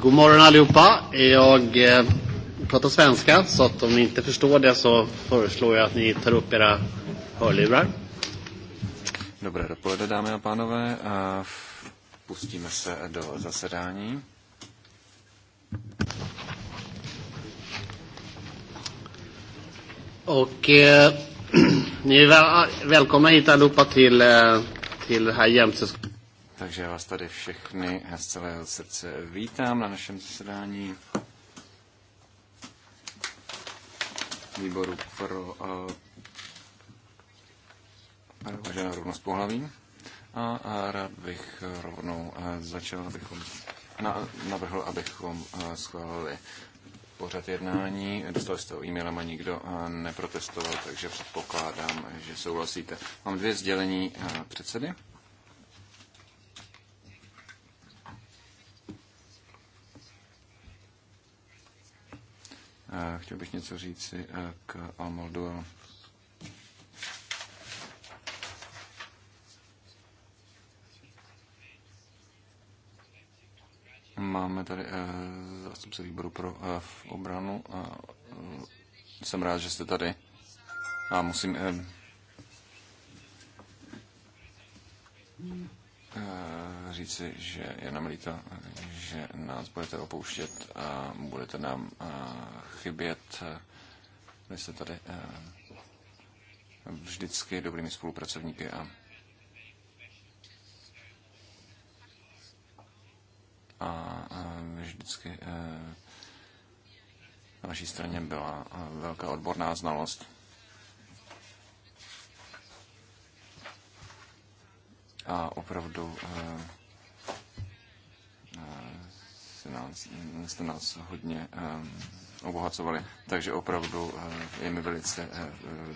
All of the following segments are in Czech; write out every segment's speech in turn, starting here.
God morgon allihopa. Jag eh, pratar svenska, så att om ni inte förstår det så föreslår jag att ni tar upp era hörlurar. Dobré dopoledne, dámy a pánové. A pustíme se do zasedání. Och eh, ni är väl, välkomna hit allihopa till, eh, till det här jämställdhetskommittén. Takže já vás tady všechny z celého srdce vítám na našem zasedání výboru pro uh, rovnost pohlaví. A, a rád bych rovnou uh, začal, abychom na, navrhl, abychom uh, schválili pořad jednání. Dostali jste ho e-mailem a nikdo neprotestoval, takže předpokládám, že souhlasíte. Mám dvě sdělení předsedy. Chtěl bych něco si eh, k Almoldu. Máme tady eh, zástupce výboru pro eh, obranu. Jsem rád, že jste tady. A musím... Eh, říci, že je nám líto, že nás budete opouštět a budete nám eh, chybět. My jste tady eh, vždycky dobrými spolupracovníky a a vždycky na naší straně byla velká odborná znalost. a opravdu jste eh, nás, eh, eh, jste nás hodně obohacovali. Takže opravdu je mi velice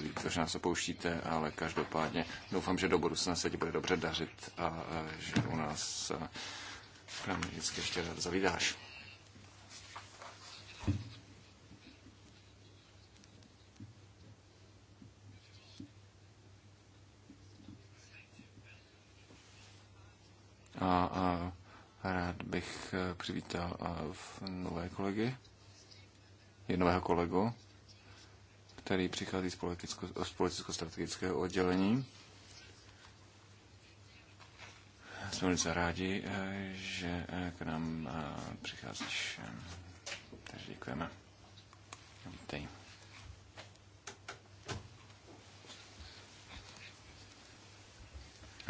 líto, že nás opouštíte, ale každopádně doufám, že do budoucna se ti bude dobře dařit a že u nás k nám vždycky ještě rád zavídáš. a, a rád bych eh, přivítal eh, v nové kolegy, jednového kolegu, který přichází z, politicko, z politicko-strategického oddělení. Jsme velice rádi, eh, že k nám přicházíš. Takže děkujeme. Vítej.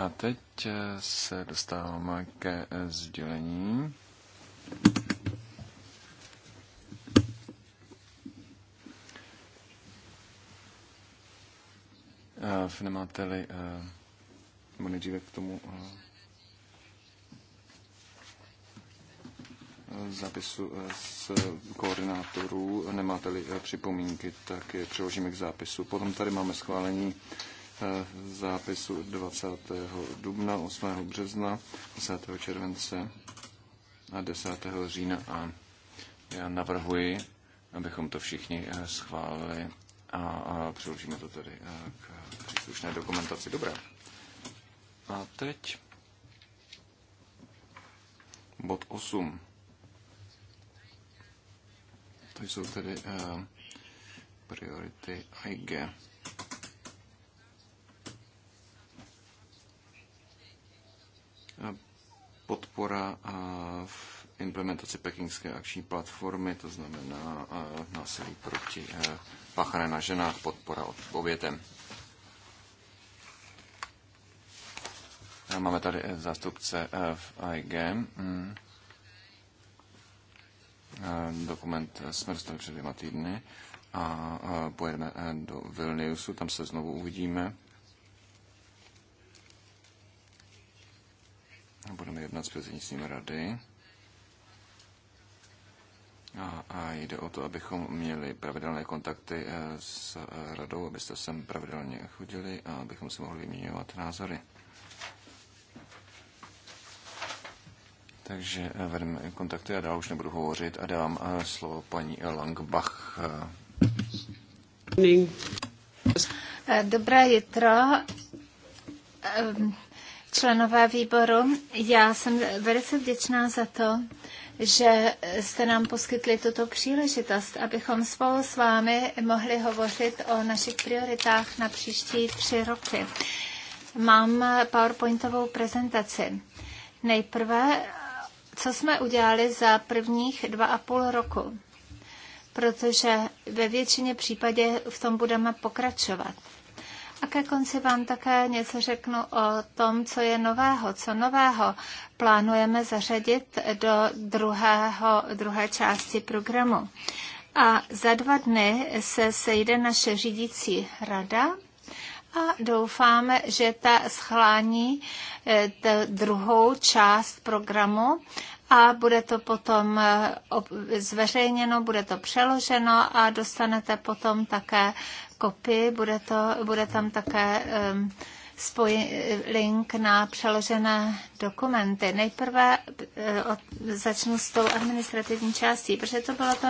A teď eh, se dostáváme ke eh, sdělení. Eh, v nemáte-li, uh, nebo nejdříve k tomu uh, zápisu uh, z koordinátorů, nemáte-li uh, připomínky, tak je přeložíme k zápisu. Potom tady máme schválení uh, Eh, zápisu 20. dubna, 8. března, 10. července a 10. října a já navrhuji, abychom to všichni eh, schválili a, přiložíme to tedy eh, k příslušné dokumentaci. Dobré. A teď bod 8. To jsou tedy uh, priority IG. podpora v implementaci pekingské akční platformy, to znamená eh, násilí proti eh, páchané na ženách, podpora od obětem. Eh, máme tady zástupce v IG. Mm. Dokument jsme dostali před dvěma týdny a pojedeme do Vilniusu, tam se znovu uvidíme Budeme jednat s předsednictvím rady. A, a jde o to, abychom měli pravidelné kontakty eh, s radou, abyste sem pravidelně chodili a abychom si mohli vyměňovat názory. Takže eh, vedeme kontakty a dál už nebudu hovořit a dám eh, slovo paní Langbach. Dobré jitro. Ehm, členové výboru. Já jsem velice vděčná za to, že jste nám poskytli tuto příležitost, abychom spolu s vámi mohli hovořit o našich prioritách na příští tři roky. Mám PowerPointovou prezentaci. Nejprve, co jsme udělali za prvních dva a půl roku, protože ve většině případě v tom budeme pokračovat. A ke konci vám také něco řeknu o tom, co je nového, co nového plánujeme zařadit do druhého, druhé části programu. A za dva dny se sejde naše řídící rada a doufáme, že ta schlání eh, druhou část programu a bude to potom eh, zveřejněno, bude to přeloženo a dostanete potom také kopii, bude, to, bude tam také um, Eh, link na přeložené dokumenty. Nejprve eh, začnu s tou administrativní částí, protože to bylo to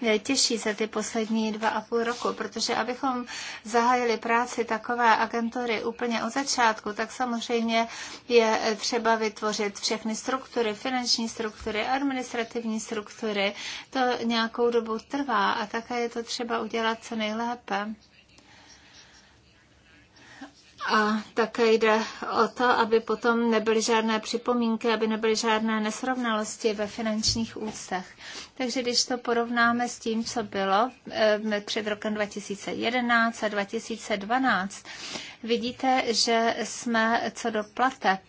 nejtěžší za ty poslední dva a půl roku, protože abychom zahájili práci takové agentury úplně od začátku, tak samozřejmě je eh, třeba vytvořit všechny struktury, finanční struktury, administrativní struktury. To nějakou dobu trvá a také je to třeba udělat co nejlépe. A také jde o to, aby potom nebyly žádné připomínky, aby nebyly žádné nesrovnalosti ve finančních úctech. Takže když to porovnáme s tím, co bylo eh, před rokem 2011 a 2012, vidíte, že jsme co do plateb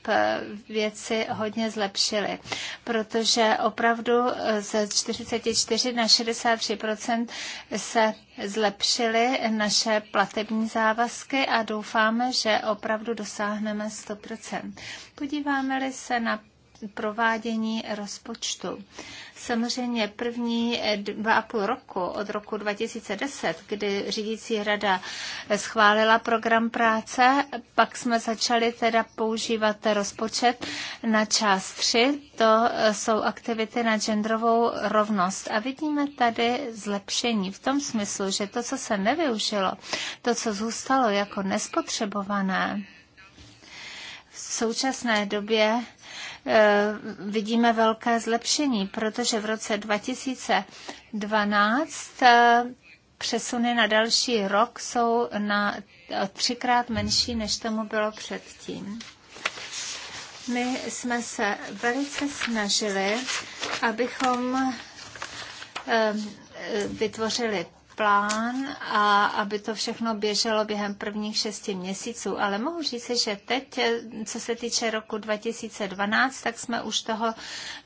věci hodně zlepšili, protože opravdu ze 44 na 63 se zlepšily naše platební závazky a doufáme, že opravdu dosáhneme 100 Podíváme-li se na provádění rozpočtu. Samozřejmě první dva a půl roku od roku 2010, kdy řídící rada schválila program práce, pak jsme začali teda používat rozpočet na část 3, to jsou aktivity na genderovou rovnost. A vidíme tady zlepšení v tom smyslu, že to, co se nevyužilo, to, co zůstalo jako nespotřebované, v současné době Eh, vidíme velké zlepšení, protože v roce 2012 eh, přesuny na další rok jsou na třikrát menší, než tomu bylo předtím. My jsme se velice snažili, abychom eh, vytvořili plán a aby to všechno běželo během prvních šesti měsíců. Ale mohu říct, že teď, co se týče roku 2012, tak jsme už toho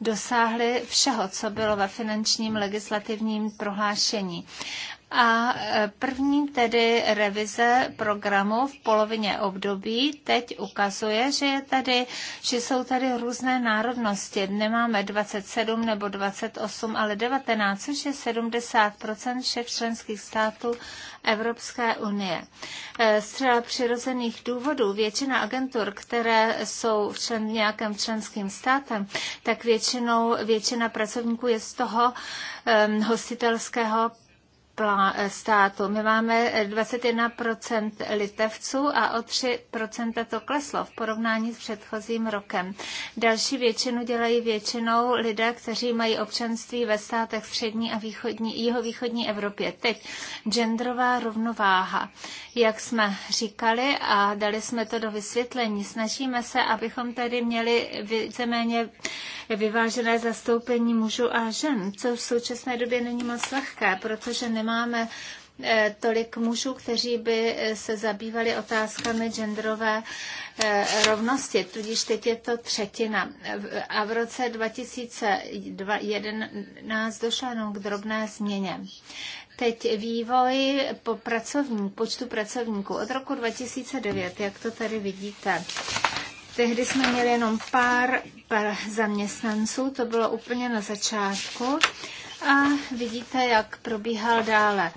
dosáhli všeho, co bylo ve finančním legislativním prohlášení. A e, první tedy revize programu v polovině období teď ukazuje, že, je tady, že jsou tady různé národnosti. Nemáme 27 nebo 28, ale 19, což je 70 všech členských států Evropské unie. E, z třeba přirozených důvodů většina agentur, které jsou v člen, nějakém členským státem, tak většinou většina pracovníků je z toho um, hostitelského státu. My máme 21% litevců a o 3% to kleslo v porovnání s předchozím rokem. Další většinu dělají většinou lidé, kteří mají občanství ve státech střední a východní, jihovýchodní Evropě. Teď genderová rovnováha. Jak jsme říkali a dali jsme to do vysvětlení, snažíme se, abychom tady měli víceméně vyvážené zastoupení mužů a žen, co v současné době není moc lehké, protože ne nemáme eh, tolik mužů, kteří by eh, se zabývali otázkami genderové eh, rovnosti, tudíž teď je to třetina. A v roce 2011 došlo jenom k drobné změně. Teď vývoj po pracovní, počtu pracovníků od roku 2009, jak to tady vidíte. Tehdy jsme měli jenom pár, pár zaměstnanců, to bylo úplně na začátku a vidíte, jak probíhal dále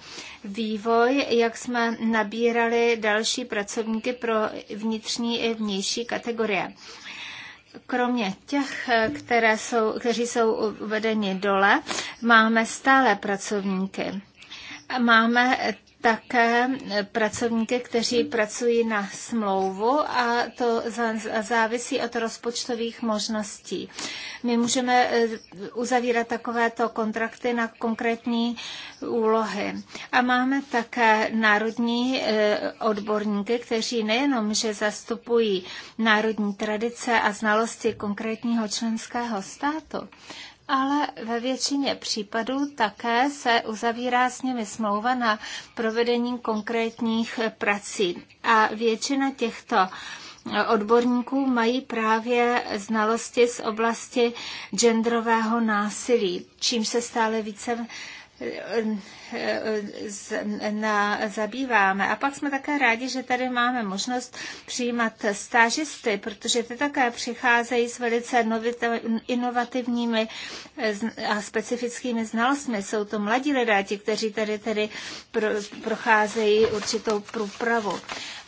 vývoj, jak jsme nabírali další pracovníky pro vnitřní i vnější kategorie. Kromě těch, které jsou, kteří jsou uvedeni dole, máme stále pracovníky. Máme také pracovníky, kteří pracují na smlouvu a to závisí od rozpočtových možností. My můžeme eh, uzavírat takovéto kontrakty na konkrétní úlohy. A máme také národní eh, odborníky, kteří nejenom, že zastupují národní tradice a znalosti konkrétního členského státu, ale ve většině případů také se uzavírá s nimi smlouva na provedení konkrétních prací. A většina těchto odborníků mají právě znalosti z oblasti genderového násilí, čím se stále více zabýváme. A pak jsme také rádi, že tady máme možnost přijímat stážisty, protože ty také přicházejí s velice inovativními eh, a specifickými znalostmi. Jsou to mladí lidé, ti, kteří tady tedy procházejí určitou průpravu.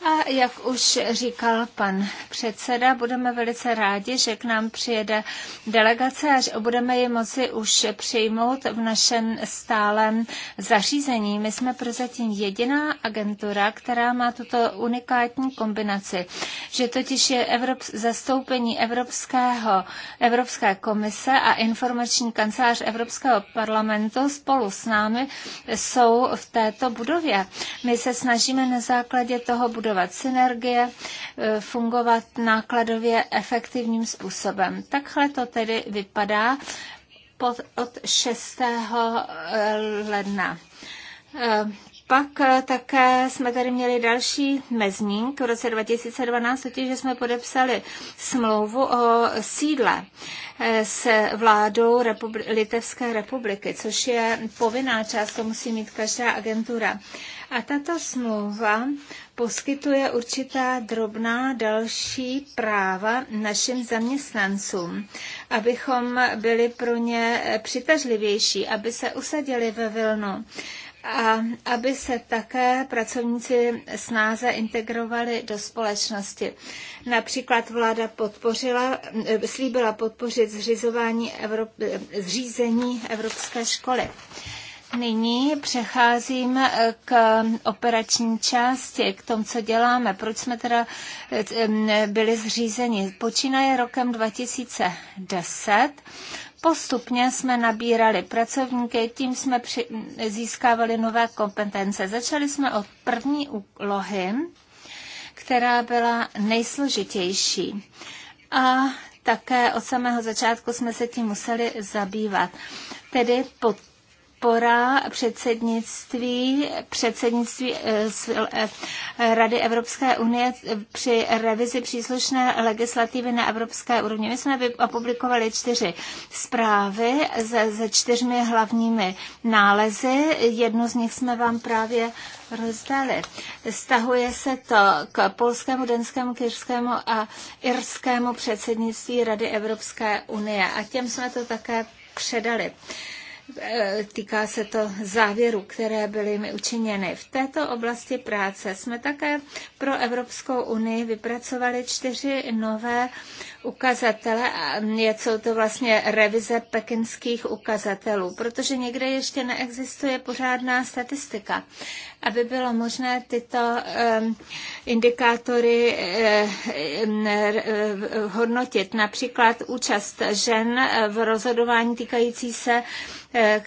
A jak už říkal pan předseda, budeme velice rádi, že k nám přijede delegace a budeme ji moci už přijmout v našem stálem zařízení. My jsme prozatím jediná agentura, která má tuto unikátní kombinaci, že totiž je Evrop, zastoupení Evropského, Evropské komise a informační kancelář Evropského parlamentu spolu s námi jsou v této budově. My se snažíme na základě toho budovat synergie, e, fungovat nákladově efektivním způsobem. Takhle to tedy vypadá od 6. Eh, ledna. Eh, pak eh, také jsme tady měli další mezník v roce 2012, totiž, že jsme podepsali smlouvu o sídle s vládou Republi- Litevské republiky, což je povinná část, to musí mít každá agentura. A tato smlouva poskytuje určitá drobná další práva našim zaměstnancům, abychom byli pro ně přitažlivější, aby se usadili ve Vilnu a aby se také pracovníci snáze integrovali do společnosti. Například vláda podpořila, eh, slíbila podpořit zřizování Evrop, eh, zřízení Evropské školy. Nyní přecházím eh, k eh, operační části, k tomu, co děláme, proč jsme teda eh, byli zřízeni. Počínaje rokem 2010. Postupně jsme nabírali pracovníky, tím jsme při, získávali nové kompetence. Začali jsme od první úlohy, která byla nejsložitější. A také od samého začátku jsme se tím museli zabývat. Tedy pod podpora předsednictví, předsednictví eh, eh, Rady Evropské unie eh, při revizi příslušné legislativy na evropské úrovni. My jsme opublikovali čtyři zprávy se, se čtyřmi hlavními nálezy. Jednu z nich jsme vám právě rozdali. Stahuje se to k polskému, denskému, kyřskému a irskému předsednictví Rady Evropské unie a těm jsme to také předali. Uh, Eh, týká se to závěru, které byly mi učiněny. V této oblasti práce jsme také pro Evropskou unii vypracovali čtyři nové ukazatele. Jsou to vlastně revize pekinských ukazatelů, protože někde ještě neexistuje pořádná statistika aby bylo možné tyto ehm, indikátory ehm, ehm, eh, hodnotit. Například účast žen v rozhodování týkající se eh,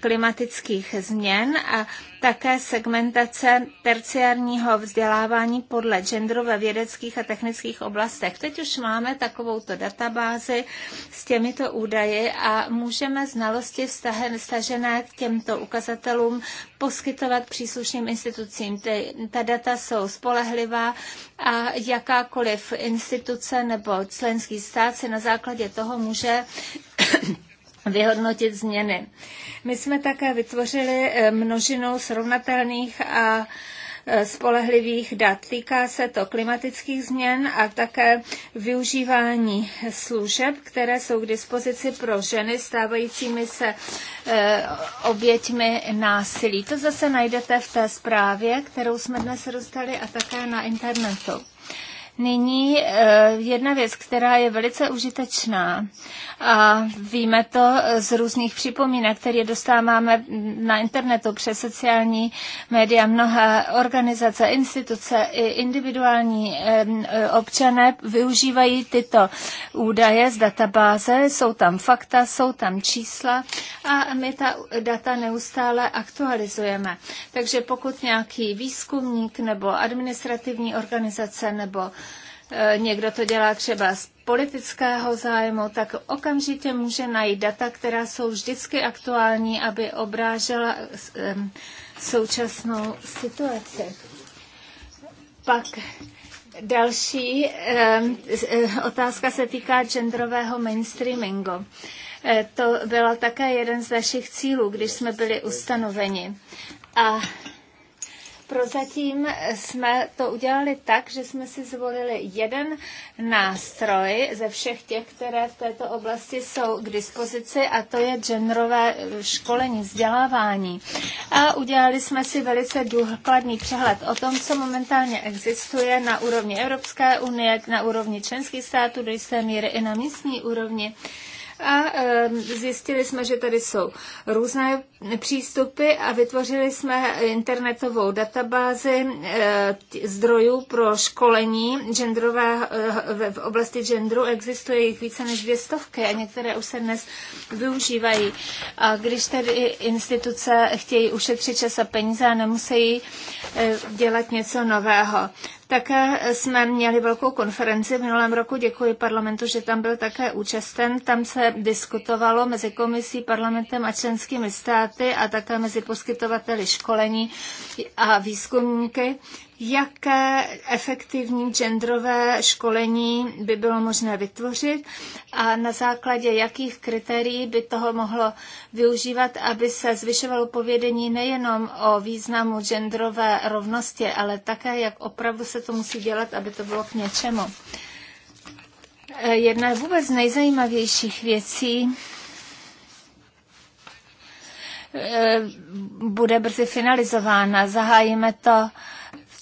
klimatických změn a také segmentace terciárního vzdělávání podle genderu ve vědeckých a technických oblastech. Teď už máme takovouto databázi s těmito údaji a můžeme znalosti stažené k těmto ukazatelům poskytovat příslušným institucím. Ty, ta data jsou spolehlivá a jakákoliv instituce nebo členský stát si na základě toho může vyhodnotit změny. My jsme také vytvořili eh, množinu srovnatelných a eh, spolehlivých dat. Týká se to klimatických změn a také využívání služeb, které jsou k dispozici pro ženy stávajícími se eh, oběťmi násilí. To zase najdete v té zprávě, kterou jsme dnes dostali a také na internetu. Nyní eh, jedna věc, která je velice užitečná a víme to z různých připomínek, které dostáváme na internetu přes sociální média. Mnohé organizace, instituce i individuální eh, občané využívají tyto údaje z databáze. Jsou tam fakta, jsou tam čísla a my ta data neustále aktualizujeme. Takže pokud nějaký výzkumník nebo administrativní organizace nebo E, někdo to dělá třeba z politického zájmu, tak okamžitě může najít data, která jsou vždycky aktuální, aby obrážela současnou situaci. Pak další e, otázka se týká genderového mainstreamingu. E, to byl také jeden z našich cílů, když jsme byli ustanoveni. A Prozatím jsme to udělali tak, že jsme si zvolili jeden nástroj ze všech těch, které v této oblasti jsou k dispozici, a to je genderové eh, školení, vzdělávání. A udělali jsme si velice důkladný přehled o tom, co momentálně existuje na úrovni Evropské unie, na úrovni členských států, do jisté míry i na místní úrovni a zjistili jsme, že tady jsou různé přístupy a vytvořili jsme internetovou databázi zdrojů pro školení genderová, eh, v oblasti genderu. Existuje jich více než dvě stovky a některé už se dnes využívají. A když tedy instituce chtějí ušetřit čas a peníze a nemusí eh, dělat něco nového. Také jsme měli velkou konferenci v minulém roku, děkuji parlamentu, že tam byl také účasten. Tam se diskutovalo mezi komisí, parlamentem a členskými státy a také mezi poskytovateli školení a výzkumníky jaké efektivní genderové školení by bylo možné vytvořit a na základě jakých kritérií by toho mohlo využívat, aby se zvyšovalo povědění nejenom o významu genderové rovnosti, ale také, jak opravdu se to musí dělat, aby to bylo k něčemu. Jedna vůbec z nejzajímavějších věcí eh, bude brzy finalizována. Zahájíme to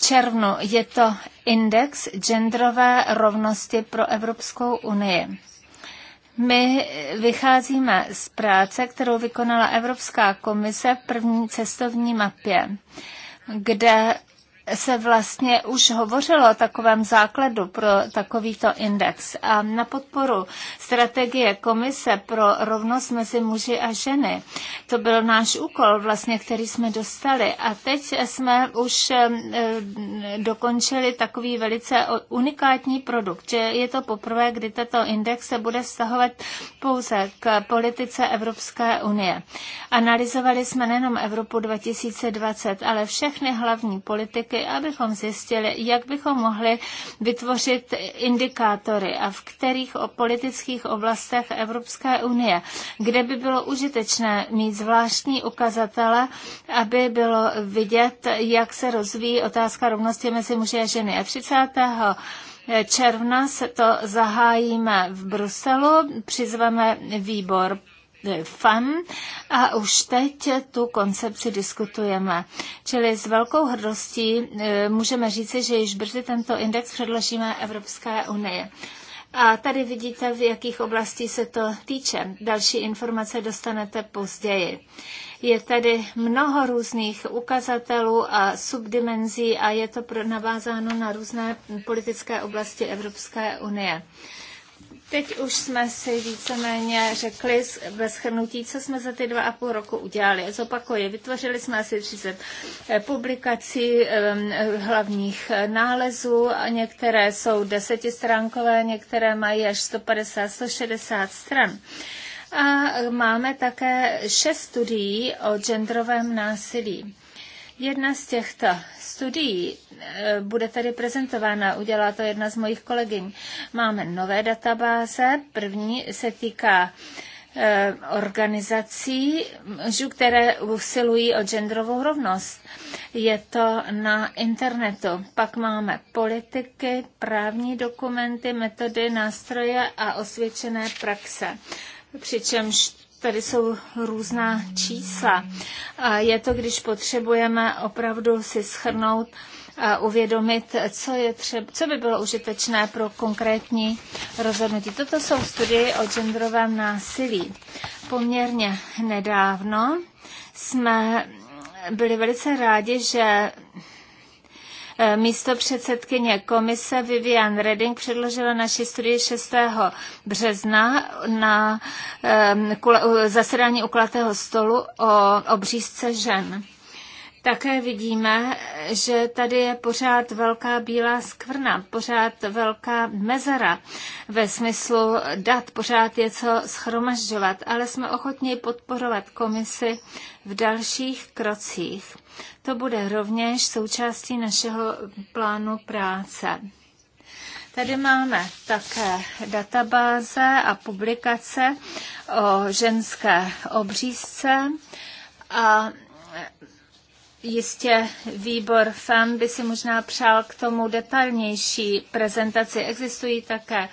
červnu. Je to index genderové rovnosti pro Evropskou unii. My vycházíme z práce, kterou vykonala Evropská komise v první cestovní mapě, kde se vlastně už hovořilo o takovém základu pro takovýto index. A na podporu strategie Komise pro rovnost mezi muži a ženy. To byl náš úkol, vlastně, který jsme dostali. A teď jsme už eh, dokončili takový velice unikátní produkt, že je to poprvé, kdy tato index se bude vztahovat pouze k politice Evropské unie. Analyzovali jsme nejenom Evropu 2020, ale všechny hlavní politiky práci, abychom zjistili, jak bychom mohli vytvořit indikátory a v kterých o politických oblastech Evropské unie, kde by bylo užitečné mít zvláštní ukazatele, aby bylo vidět, jak se rozvíjí otázka rovnosti mezi muži a ženy. A 30 června se to zahájíme v Bruselu, přizveme výbor Eh, FAM a už teď tu koncepci diskutujeme. Čili s velkou hrdostí eh, můžeme říci, že již brzy tento index předložíme Evropské unii. A tady vidíte, v jakých oblastí se to týče. Další informace dostanete později. Je tady mnoho různých ukazatelů a subdimenzí a je to navázáno na různé politické oblasti Evropské unie. Teď už jsme si víceméně řekli ve schrnutí, co jsme za ty dva a půl roku udělali. Zopakuji, vytvořili jsme asi 30 eh, publikací ehm, hlavních eh, nálezů. Některé jsou desetistránkové, některé mají až 150-160 stran. A máme také šest studií o genderovém násilí. Jedna z těchto studií eh, bude tady prezentována, udělá to jedna z mojich kolegyň. Máme nové databáze, první se týká eh, organizací, které usilují o genderovou rovnost. Je to na internetu. Pak máme politiky, právní dokumenty, metody, nástroje a osvědčené praxe. Přičemž tady jsou různá čísla. je to, když potřebujeme opravdu si schrnout a uvědomit, co, je třeba, co by bylo užitečné pro konkrétní rozhodnutí. Toto jsou studie o genderovém násilí. Poměrně nedávno jsme byli velice rádi, že Eh, místo předsedkyně komise Vivian Redding předložila naši studii 6. března na eh, zasedání u kulatého stolu o obřízce žen také vidíme, že tady je pořád velká bílá skvrna, pořád velká mezera ve smyslu dat, pořád je co schromažďovat, ale jsme ochotni podporovat komisi v dalších krocích. To bude rovněž součástí našeho plánu práce. Tady máme také databáze a publikace o ženské obřízce a Jistě výbor FAM by si možná přál k tomu detailnější prezentaci. Existují také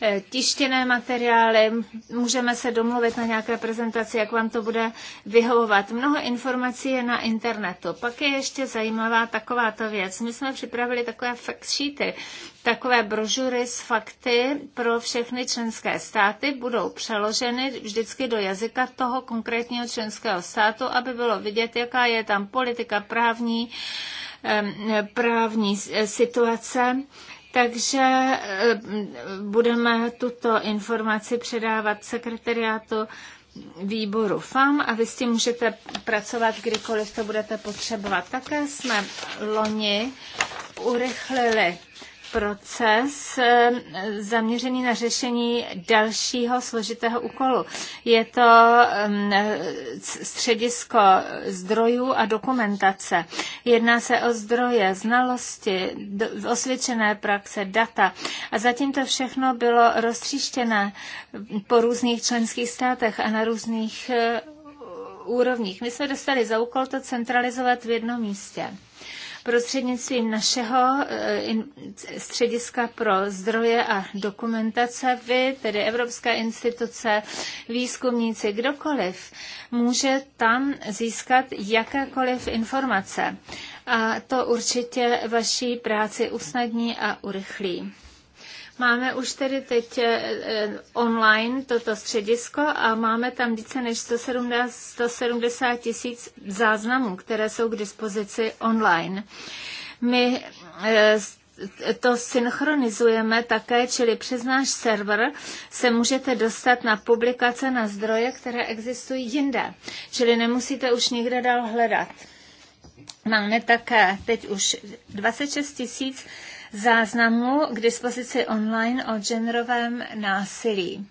Eh, tištěné materiály, můžeme se domluvit na nějaké prezentaci, jak vám to bude vyhovovat. Mnoho informací je na internetu. Pak je ještě zajímavá takováto věc. My jsme připravili takové fact sheety, takové brožury s fakty pro všechny členské státy budou přeloženy vždycky do jazyka toho konkrétního členského státu, aby bylo vidět, jaká je tam politika právní, právní situace takže eh, budeme tuto informaci předávat sekretariátu výboru FAM a vy s tím můžete pracovat kdykoliv to budete potřebovat. Také jsme loni urychlili proces eh, zaměřený na řešení dalšího složitého úkolu. Je to mm, eh, středisko zdrojů a dokumentace. Jedná se o zdroje, znalosti, osvědčené praxe, data. A zatím to všechno bylo roztříštěné po různých členských státech a na různých eh, úrovních. My jsme dostali za úkol to centralizovat v jednom místě. Prostřednictvím našeho eh, střediska pro zdroje a dokumentace vy, tedy Evropská instituce, výzkumníci, kdokoliv, může tam získat jakékoliv informace. A to určitě vaší práci usnadní a urychlí. Máme už tedy teď eh, eh, online toto středisko a máme tam více než 170, 170 tisíc záznamů, které jsou k dispozici online. My eh, to synchronizujeme také, čili přes náš server se můžete dostat na publikace na zdroje, které existují jinde. Čili nemusíte už nikde dál hledat. Máme také teď už 26 tisíc záznamu k dispozici online o genderovém násilí.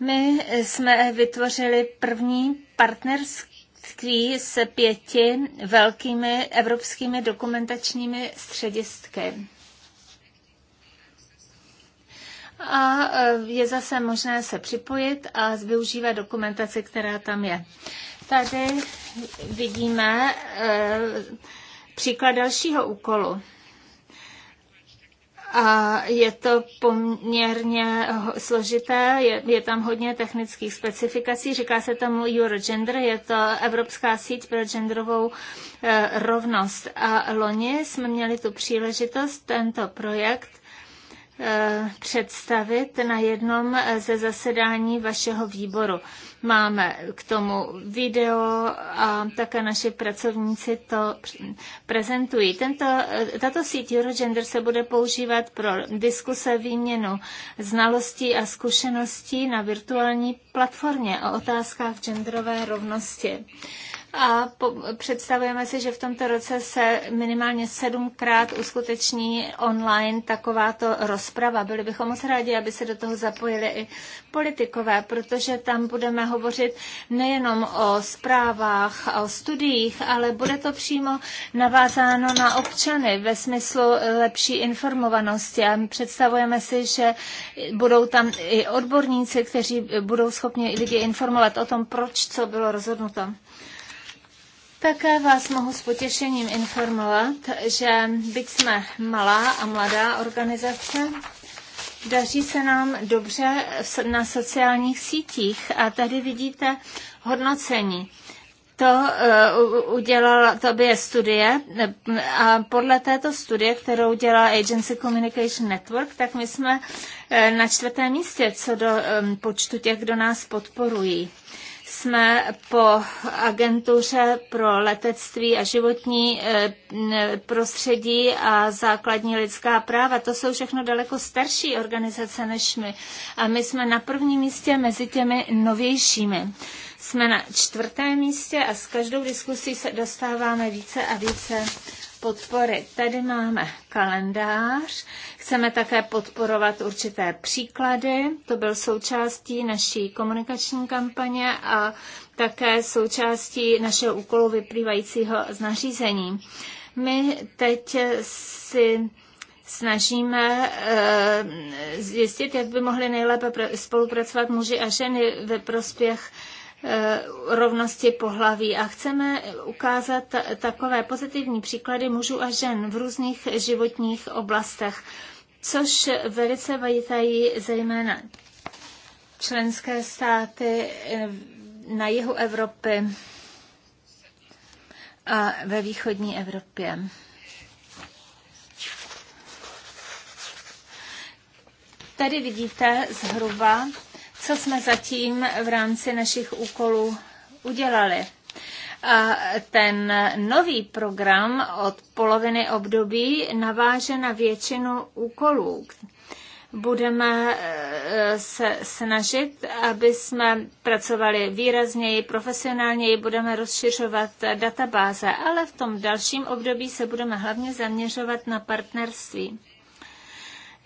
My jsme vytvořili první partnerství s pěti velkými evropskými dokumentačními středisky. A e, je zase možné se připojit a využívat dokumentaci, která tam je. Tady vidíme e, příklad dalšího úkolu a je to poměrně složité, je, je tam hodně technických specifikací, říká se tomu Eurogender, je to Evropská síť pro genderovou e, rovnost. A loni jsme měli tu příležitost tento projekt představit na jednom ze zasedání vašeho výboru. Máme k tomu video a také naši pracovníci to prezentují. Tento, tato síť Eurogender se bude používat pro diskuse, výměnu znalostí a zkušeností na virtuální platformě o otázkách genderové rovnosti a představujeme si, že v tomto roce se minimálně sedmkrát uskuteční online takováto rozprava. Byli bychom moc rádi, aby se do toho zapojili i politikové, protože tam budeme hovořit nejenom o zprávách a o studiích, ale bude to přímo navázáno na občany ve smyslu lepší informovanosti. A představujeme si, že budou tam i odborníci, kteří budou schopni lidi informovat o tom, proč co bylo rozhodnuto. Také vás mohu s potěšením informovat, že byť jsme malá a mladá organizace, daří se nám dobře na sociálních sítích. A tady vidíte hodnocení. To eh, udělala, to by je studie eh, a podle této studie, kterou dělá Agency Communication Network, tak my jsme eh, na čtvrtém místě co do počtu těch, kdo nás podporují jsme po agentuře pro letectví a životní eh, prostředí a základní lidská práva. To jsou všechno daleko starší organizace než my. A my jsme na prvním místě mezi těmi novějšími. Jsme na čtvrtém místě a s každou diskusí se dostáváme více a více podpory. Tady máme kalendář, chceme také podporovat určité příklady, to byl součástí naší komunikační kampaně a také součástí našeho úkolu vyplývajícího z nařízení. My teď si snažíme eh, zjistit, jak by mohli nejlépe spolupracovat muži a ženy ve prospěch Eh, rovnosti pohlaví a chceme ukázat takové pozitivní příklady mužů a žen v různých životních oblastech, což velice vajitají zejména členské státy eh, na jihu Evropy a ve východní Evropě. Tady vidíte zhruba co jsme zatím v rámci našich úkolů udělali. A ten nový program od poloviny období naváže na většinu úkolů. Budeme e, se snažit, aby jsme pracovali výrazněji, profesionálněji, budeme rozšiřovat databáze, ale v tom dalším období se budeme hlavně zaměřovat na partnerství.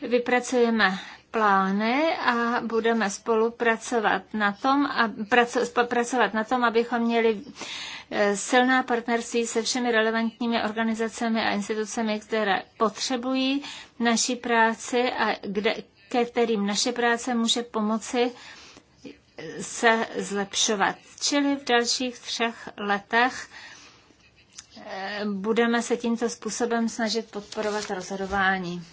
Vypracujeme plány a budeme spolupracovat na tom, a pracovat na tom, abychom měli e, silná partnerství se všemi relevantními organizacemi a institucemi, které potřebují naší práci a kde, ke kterým naše práce může pomoci e, se zlepšovat. Čili v dalších třech letech e, budeme se tímto způsobem snažit podporovat rozhodování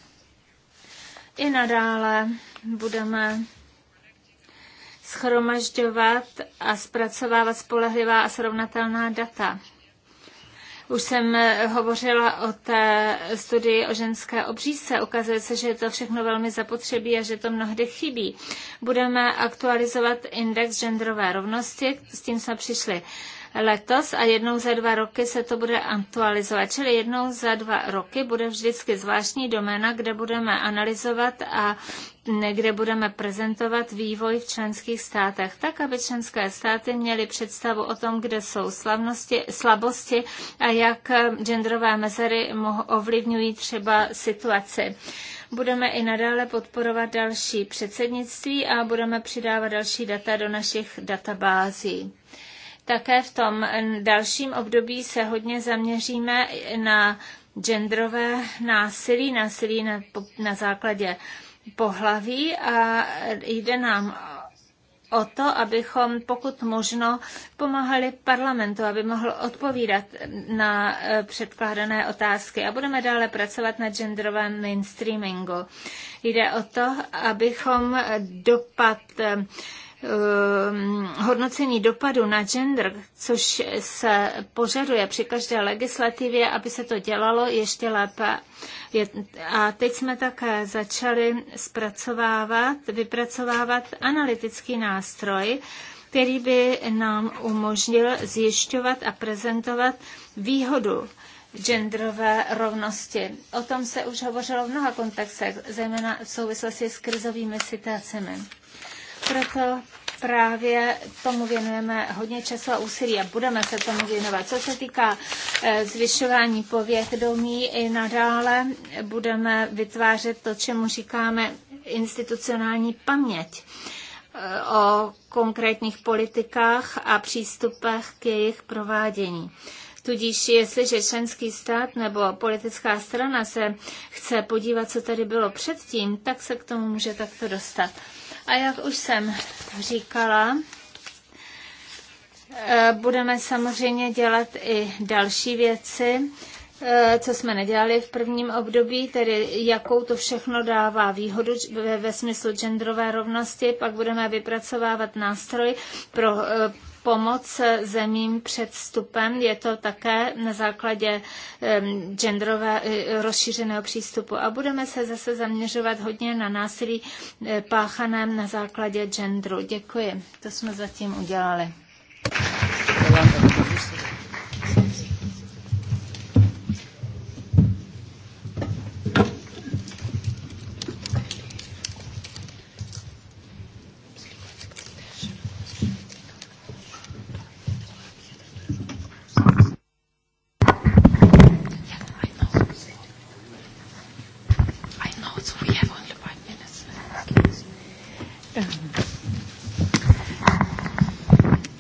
i nadále budeme schromažďovat a zpracovávat spolehlivá a srovnatelná data. Už jsem hovořila o té studii o ženské obřízce. Ukazuje se, že je to všechno velmi zapotřebí a že to mnohdy chybí. Budeme aktualizovat index genderové rovnosti, s tím jsme přišli letos a jednou za dva roky se to bude aktualizovat. Čili jednou za dva roky bude vždycky zvláštní doména, kde budeme analyzovat a kde budeme prezentovat vývoj v členských státech, tak aby členské státy měly představu o tom, kde jsou slavnosti, slabosti a jak eh, genderové mezery ovlivňují třeba situaci budeme i nadále podporovat další předsednictví a budeme přidávat další data do našich databází. Také v tom dalším období se hodně zaměříme na genderové násilí, násilí na, na základě pohlaví a jde nám o to, abychom pokud možno pomáhali parlamentu, aby mohl odpovídat na e, předkládané otázky. A budeme dále pracovat na genderovém mainstreamingu. Jde o to, abychom dopad e, Eh, hodnocení dopadu na gender, což se požaduje při každé legislativě, aby se to dělalo ještě lépe. A teď jsme také začali zpracovávat, vypracovávat analytický nástroj, který by nám umožnil zjišťovat a prezentovat výhodu genderové rovnosti. O tom se už hovořilo v mnoha kontextech, zejména v souvislosti s krizovými situacemi. Proto právě tomu věnujeme hodně času a úsilí a budeme se tomu věnovat. Co se týká eh, zvyšování povědomí, i nadále budeme vytvářet to, čemu říkáme institucionální paměť eh, o konkrétních politikách a přístupech k jejich provádění. Tudíž jestliže členský stát nebo politická strana se chce podívat, co tady bylo předtím, tak se k tomu může takto dostat. A jak už jsem říkala, eh, budeme samozřejmě dělat i další věci, eh, co jsme nedělali v prvním období, tedy jakou to všechno dává výhodu ve, smyslu genderové rovnosti. Pak budeme vypracovávat nástroj pro eh, pomoc zemím před vstupem. Je to také na základě genderové e, rozšířeného přístupu. A budeme se zase zaměřovat hodně na násilí e, páchaném na základě genderu. Děkuji. To jsme zatím udělali.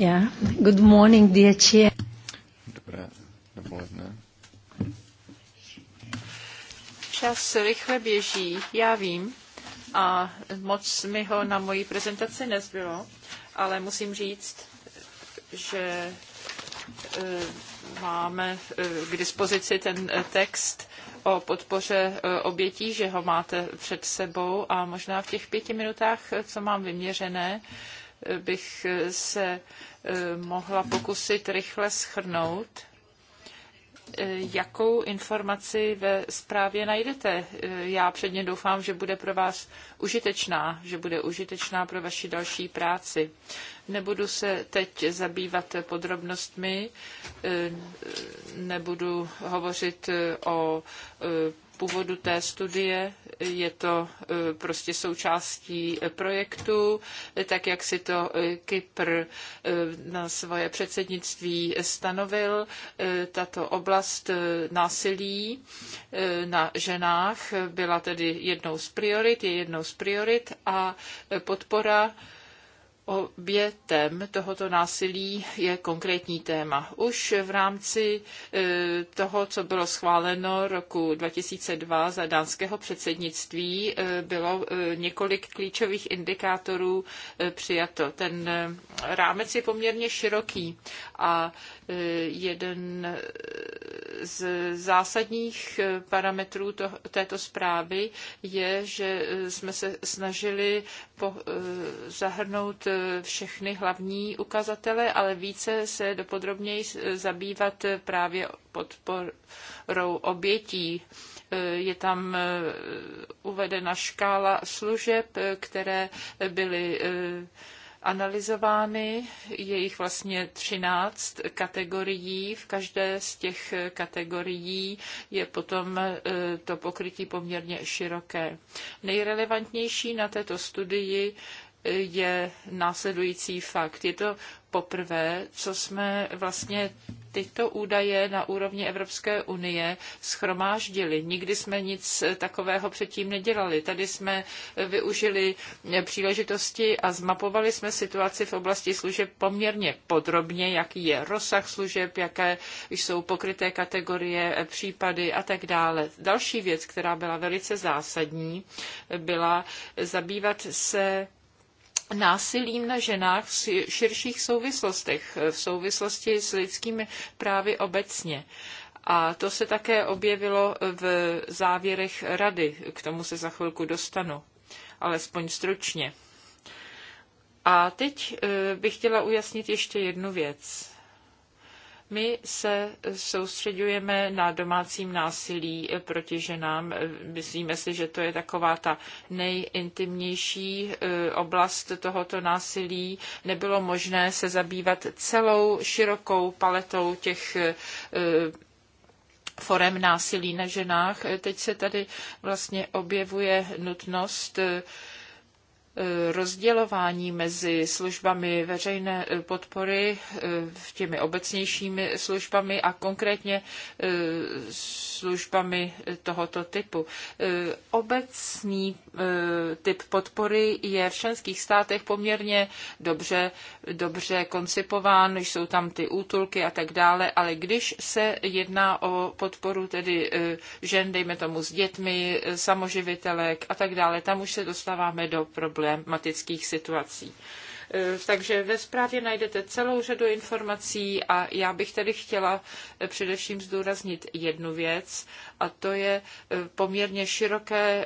Yeah. Good morning, dear chair. Dobré dopoledne. Čas rychle běží, já vím, a moc mi ho na mojí prezentaci nezbylo, ale musím říct, že eh, máme eh, k dispozici ten eh, text o podpoře obětí, že ho máte před sebou a možná v těch pěti minutách, co mám vyměřené, bych se eh, mohla pokusit rychle schrnout, eh, jakou informaci ve zprávě najdete. Eh, já předně doufám, že bude pro vás užitečná, že bude užitečná pro vaši další práci. Nebudu se teď zabývat podrobnostmi, nebudu hovořit o původu té studie. Je to e, prostě součástí e, projektu, e, tak jak si to Kypr na svoje předsednictví stanovil. Tato oblast násilí na ženách byla tedy jednou z priorit, je jednou z priorit a podpora Obětem tohoto násilí je konkrétní téma. Už v rámci e, toho, co bylo schváleno roku 2002 za dánského předsednictví, e, bylo e, několik klíčových indikátorů přijato. Ten rámec je poměrně široký a jeden z zásadních parametrů to, této zprávy je, že jsme se snažili po, eh, zahrnout eh, všechny hlavní ukazatele, ale více se dopodrobněji eh, zabývat právě podporou obětí. Je tam uvedena škála služeb, které byly analyzovány. Je jich vlastně 13 kategorií. V každé z těch kategorií je potom e, to pokrytí poměrně široké. Nejrelevantnější na této studii e, je následující fakt. Je to poprvé, co jsme vlastně tyto údaje na úrovni Evropské unie schromáždili. Nikdy jsme nic takového předtím nedělali. Tady jsme využili příležitosti a zmapovali jsme situaci v oblasti služeb poměrně podrobně, jaký je rozsah služeb, jaké jsou pokryté kategorie, případy a tak dále. Další věc, která byla velice zásadní, byla zabývat se násilím na ženách v širších souvislostech, v souvislosti s lidskými právy obecně. A to se také objevilo v závěrech rady, k tomu se za chvilku dostanu, alespoň stručně. A teď eh, bych chtěla ujasnit ještě jednu věc. My se soustředujeme na domácím násilí proti ženám. Myslíme si, že to je taková ta nejintimnější eh, oblast tohoto násilí. Nebylo možné se zabývat celou širokou paletou těch eh, forem násilí na ženách. Teď se tady vlastně objevuje nutnost eh, rozdělování mezi službami veřejné eh, podpory, eh, těmi obecnějšími službami a konkrétně eh, službami tohoto typu. Obecný typ podpory je v členských státech poměrně dobře, dobře koncipován, jsou tam ty útulky a tak dále, ale když se jedná o podporu tedy žen, dejme tomu s dětmi, samoživitelek a tak dále, tam už se dostáváme do problémů problematických situací. E, takže ve zprávě najdete celou řadu informací a já bych tedy chtěla e, především zdůraznit jednu věc a to je e, poměrně široké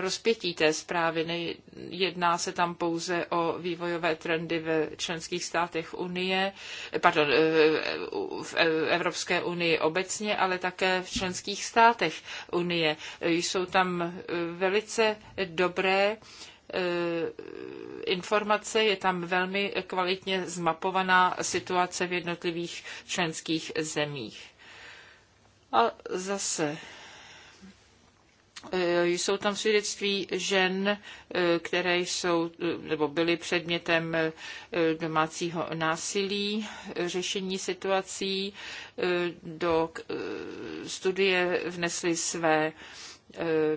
rozpětí té zprávy. Jedná se tam pouze o vývojové trendy ve členských státech Unie, pardon, eh, v Evropské unii obecně, ale také v členských státech Unie. Jsou tam eh, velice dobré eh, informace, je tam velmi kvalitně zmapovaná situace v jednotlivých členských zemích. A zase Eh, jsou tam svědectví žen, eh, které jsou eh, nebo byly předmětem domácího násilí, řešení situací. Do studie vnesly své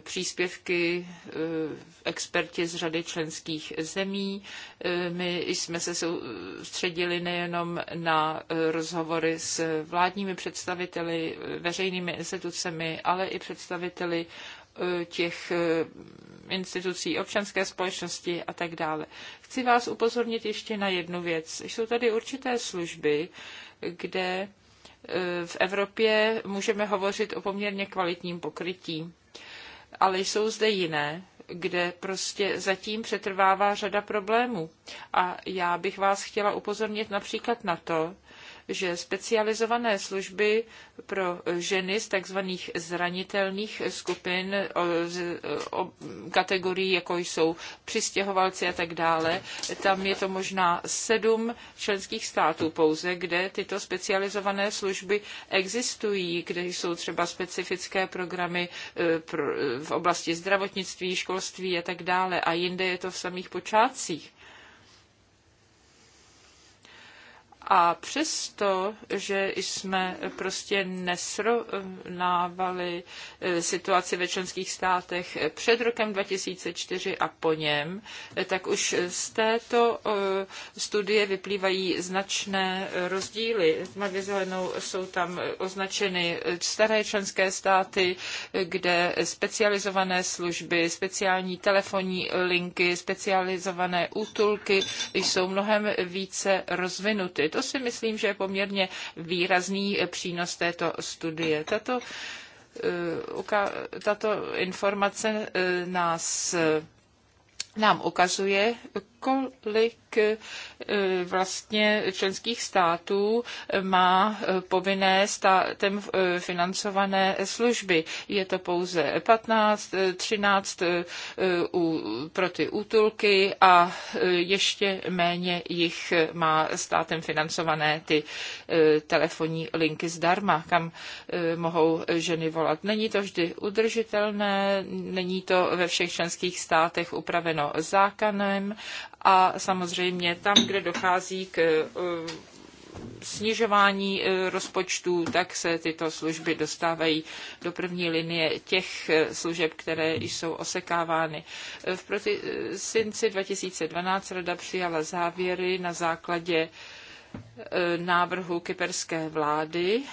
příspěvky experti z řady členských zemí. My jsme se soustředili nejenom na rozhovory s vládními představiteli, veřejnými institucemi, ale i představiteli Eh, těch eh, institucí občanské společnosti a tak dále. Chci vás upozornit ještě na jednu věc. Jsou tady určité služby, kde eh, v Evropě můžeme hovořit o poměrně kvalitním pokrytí, ale jsou zde jiné, kde prostě zatím přetrvává řada problémů. A já bych vás chtěla upozornit například na to, že specializované služby pro ženy z tzv. zranitelných skupin o, o kategorií, jako jsou přistěhovalci a tak dále, tam je to možná sedm členských států pouze, kde tyto specializované služby existují, kde jsou třeba specifické programy e, v oblasti zdravotnictví, školství a tak dále. A jinde je to v samých počátcích. A přesto, že jsme prostě nesrovnávali eh, situaci ve členských státech před rokem 2004 a po něm, eh, tak už z této eh, studie vyplývají značné rozdíly. Tmavě zelenou jsou tam označeny staré členské státy, kde specializované služby, speciální telefonní linky, specializované útulky jsou mnohem více rozvinuty. To si myslím, že je poměrně výrazný přínos této studie. Tato, eh, tato informace eh, nás eh, nám ukazuje, kolik eh, vlastně členských států má eh, povinné státem eh, financované služby. Je to pouze 15, 13 pro ty útulky a ještě méně jich má státem financované ty telefonní linky zdarma, kam mohou ženy volat. Není to vždy udržitelné, není to ve všech členských státech upraveno zákonem a samozřejmě tam, kde dochází k eh, snižování eh, rozpočtů, tak se tyto služby dostávají do první linie těch eh, služeb, které jsou osekávány. V prosinci 2012 rada přijala závěry na základě návrhu kyperské vlády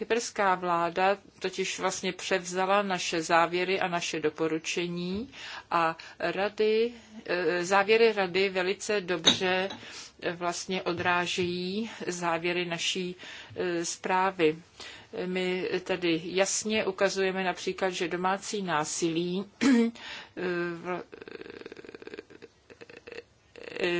Kyperská vláda totiž vlastně převzala naše závěry a naše doporučení a rady, e, závěry rady velice dobře e, vlastně odrážejí závěry naší e, zprávy. My tedy jasně ukazujeme například, že domácí násilí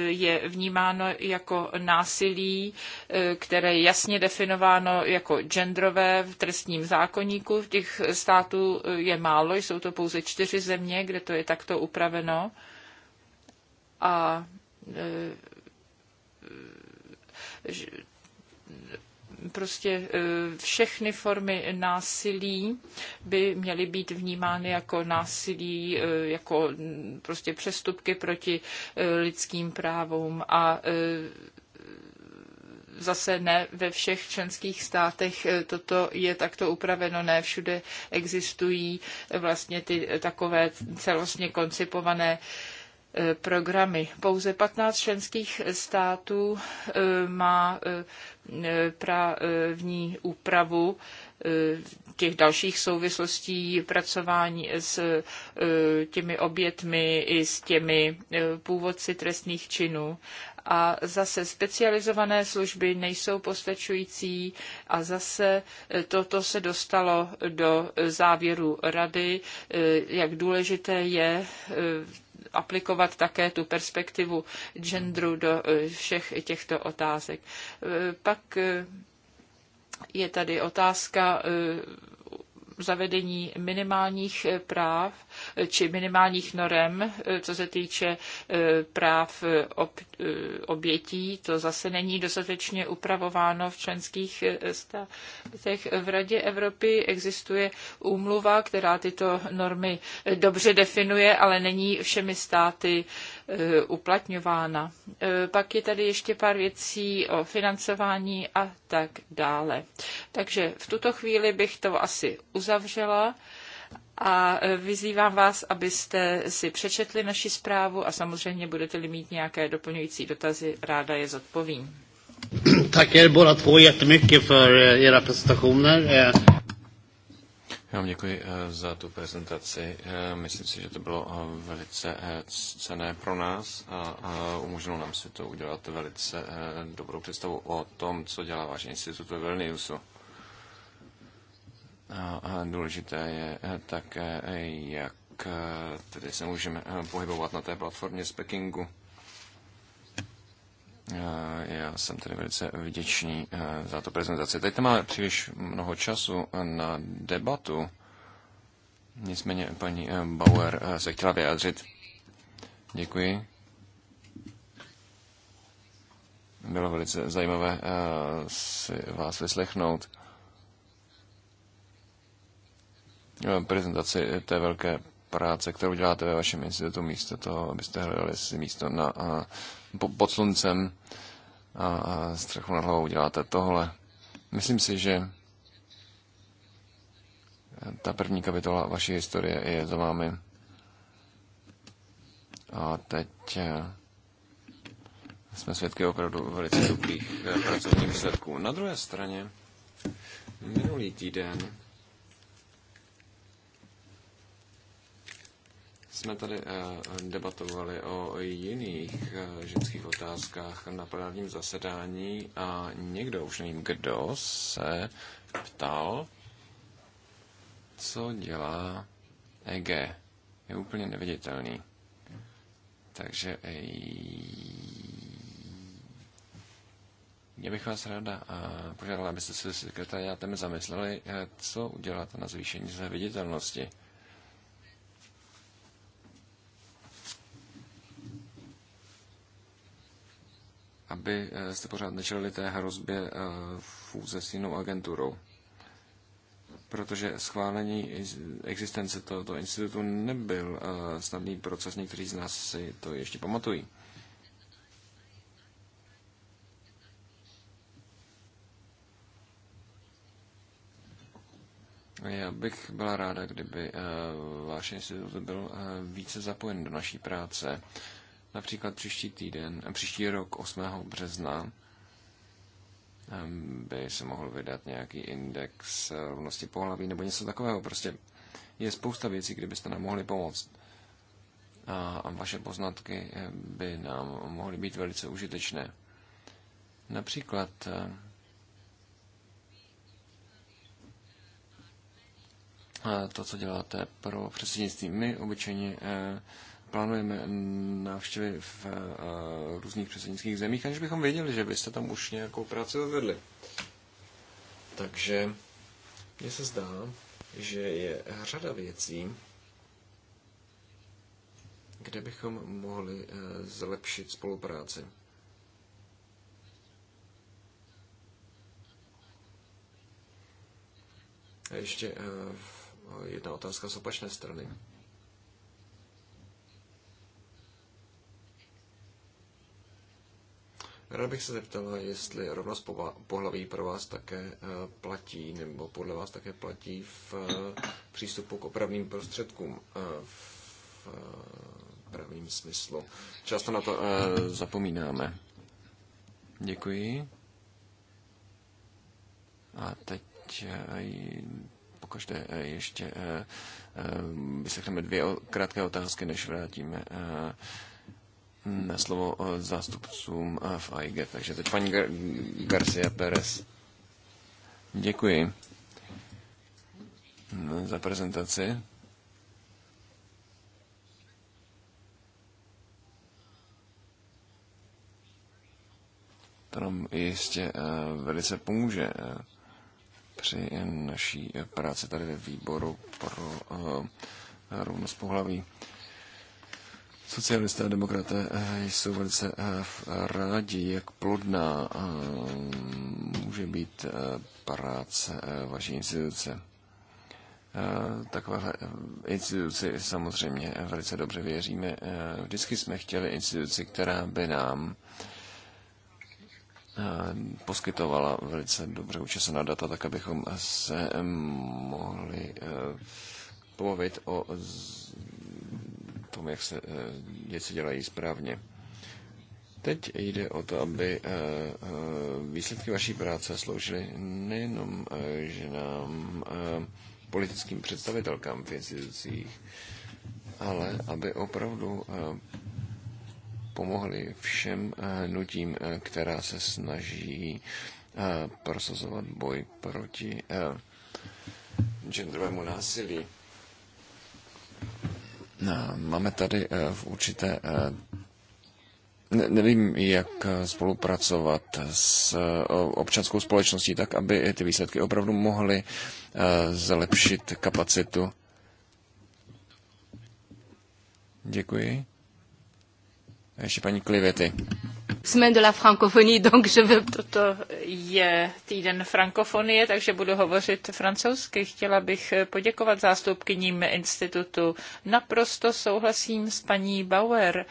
je vnímáno jako násilí, eh, které je jasně definováno jako genderové v trestním zákoníku. V těch států eh, je málo, jsou to pouze čtyři země, kde to je takto upraveno. A eh, prostě e, všechny formy násilí by měly být vnímány jako násilí, e, jako mm, prostě přestupky proti e, lidským právům a zase ne ve všech členských státech toto je takto upraveno, ne všude existují vlastně ty takové celostně koncipované uh, Eh, programy. Pouze 15 členských států eh, má eh, právní úpravu těch dalších souvislostí pracování s těmi obětmi i s těmi původci trestných činů. A zase specializované služby nejsou postačující a zase toto se dostalo do závěru rady, jak důležité je aplikovat také tu perspektivu genderu do eh, všech těchto otázek. Eh, pak eh, je tady otázka zavedení minimálních práv či minimálních norem, eh, co se týče eh, práv eh, ob, obětí. To zase není dostatečně upravováno v členských státech. V Radě Evropy existuje úmluva, která tyto normy dobře definuje, ale není všemi státy uplatňována. Pak je tady ještě pár věcí o financování a tak dále. Takže v tuto chvíli bych to asi uzavřela a e, vyzývám vás, abyste si přečetli naši zprávu a samozřejmě budete-li mít nějaké doplňující dotazy, ráda je zodpovím. Tak je er båda två jättemycket for jera eh, prezentace. Eh. Já vám děkuji eh, za tu prezentaci. Myslím si, že to bylo velice cené pro nás a umožnilo nám si to udělat velice dobrou představu o tom, co dělá váš institut ve Vilniusu. A důležité je eh, také, eh, jak eh, tedy se můžeme pohybovat na té platformě z Pekingu. Já jsem tedy velice vděčný za tu prezentaci. Teď máme příliš mnoho času na debatu. Nicméně paní Bauer se chtěla vyjádřit. Děkuji. Bylo velice zajímavé si vás vyslechnout. Eh, prezentaci té velké práce, kterou děláte ve vašem institutu, místo toho, abyste hledali si místo na, a, eh, pod sluncem a, a střechu nad hlavou, děláte tohle. Myslím si, že eh, ta první kapitola vaší historie je za vámi. A teď jsme svědky opravdu velice dobrých pracovních výsledků. Na druhé straně, minulý týden jsme tady eh, debatovali o jiných eh, ženských otázkách na právním zasedání a někdo, už nevím kdo, se ptal, co dělá EG. Je úplně neviditelný. Takže eh, já bych vás ráda požádala, abyste se sekretariátem zamysleli, co udělat na zvýšení své viditelnosti. aby jste eh, pořád nečelili té hrozbě fůze eh, s jinou agenturou. Protože schválení existence tohoto institutu nebyl eh, snadný proces, někteří z nás si to ještě pamatují. Já bych byla ráda, kdyby váš institut byl více zapojen do naší práce. Například příští týden, eh, příští rok 8. března eh, by se mohl vydat nějaký index eh, rovnosti pohlaví nebo něco takového. Prostě je spousta věcí, kde byste nám mohli pomoct. A vaše poznatky by nám mohly být velice užitečné. Například to, co děláte pro předsednictví. My obyčejně plánujeme návštěvy v eh, různých předsednických zemích, aniž bychom věděli, že vy jste tam už nějakou práci odvedli. Takže mně se zdá, že je řada věcí, kde bychom mohli eh, zlepšit spolupráci. A ještě eh, jedna otázka z opačné strany. Rád bych se zeptala, jestli rovnost pohlaví pro vás také eh, platí, nebo podle vás také platí v eh, přístupu k opravným prostředkům eh, v pravým smyslu. Často na to zapomínáme. Děkuji. A teď pokaždé ještě vyslechneme dvě krátké otázky, než vrátíme na slovo eh, zástupcům eh, v AIG. Takže teď paní Gar- Garcia Perez. Děkuji no, za prezentaci. To nám jistě eh, velice pomůže při naší práci tady ve výboru pro rovnost pohlaví. Socialisté a demokraté eh, jsou velice eh, rádi, jak plodná eh, může být práce vaší instituce. Takovéhle instituci samozřejmě velice dobře věříme. Vždycky jsme chtěli instituci, která by nám poskytovala velice dobře učesaná data, tak abychom se mohli pobavit o tom, jak se eh, věci dělají správně. Teď jde o to, aby eh, eh, výsledky vaší práce sloužily nejenom že nám politickým představitelkám v institucích, ale aby opravdu pomohli všem hnutím, která se snaží prosazovat boj proti genderovému násilí. No, máme tady eh, v určité eh, ne, nevím, jak eh, spolupracovat s občanskou společností tak, aby ty výsledky opravdu mohly zlepšit kapacitu. Děkuji. Ještě paní Klivety. Jsme de la francophonie, donc je veux... Toto je týden frankofonie, takže budu hovořit francouzsky. Chtěla bych poděkovat zástupkyním institutu. Naprosto souhlasím s paní Bauer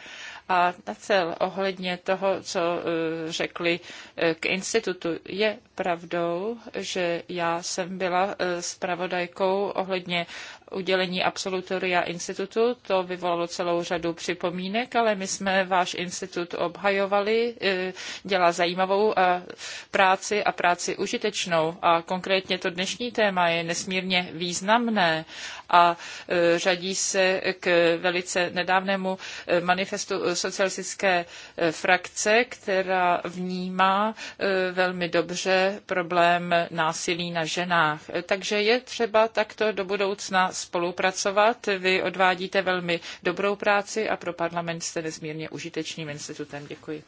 a cel ohledně toho, co eh, řekli eh, k institutu. Je pravdou, že já jsem byla spravodajkou eh, ohledně udělení absolutoria institutu. To vyvolalo celou řadu připomínek, ale my jsme váš institut obhajovali. Eh, dělá zajímavou eh, práci a práci užitečnou. A konkrétně to dnešní téma je nesmírně významné a eh, řadí se k velice nedávnému manifestu socialistické frakce, která vnímá velmi dobře problém násilí na ženách. Takže je třeba takto do budoucna spolupracovat. Vy odvádíte velmi dobrou práci a pro parlament jste nesmírně užitečným institutem. Děkuji.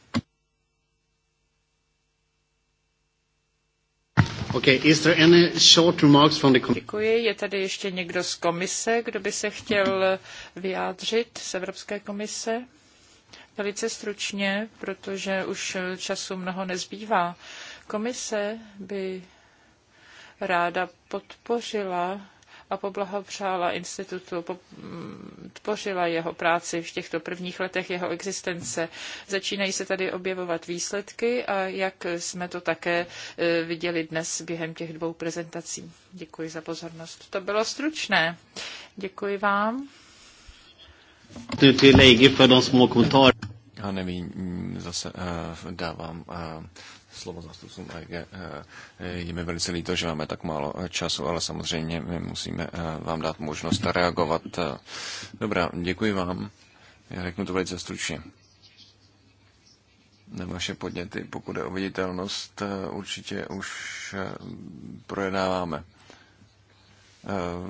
Okay, is there any short remarks from the... Děkuji. Je tady ještě někdo z komise, kdo by se chtěl vyjádřit z Evropské komise? Velice stručně, protože už času mnoho nezbývá. Komise by ráda podpořila a poblahopřála institutu, podpořila mm, jeho práci v těchto prvních letech jeho existence. Začínají se tady objevovat výsledky a jak jsme to také e, viděli dnes během těch dvou prezentací. Děkuji za pozornost. To bylo stručné. Děkuji vám. A nevím, zase uh, dávám uh, slovo zastupcům EG. Eh, eh, je mi velice líto, že máme tak málo eh, času, ale samozřejmě my musíme vám dát možnost reagovat. Dobrá, děkuji vám. Já řeknu to velice stručně. Na vaše podněty, pokud je o viditelnost, určitě už projednáváme. Eh,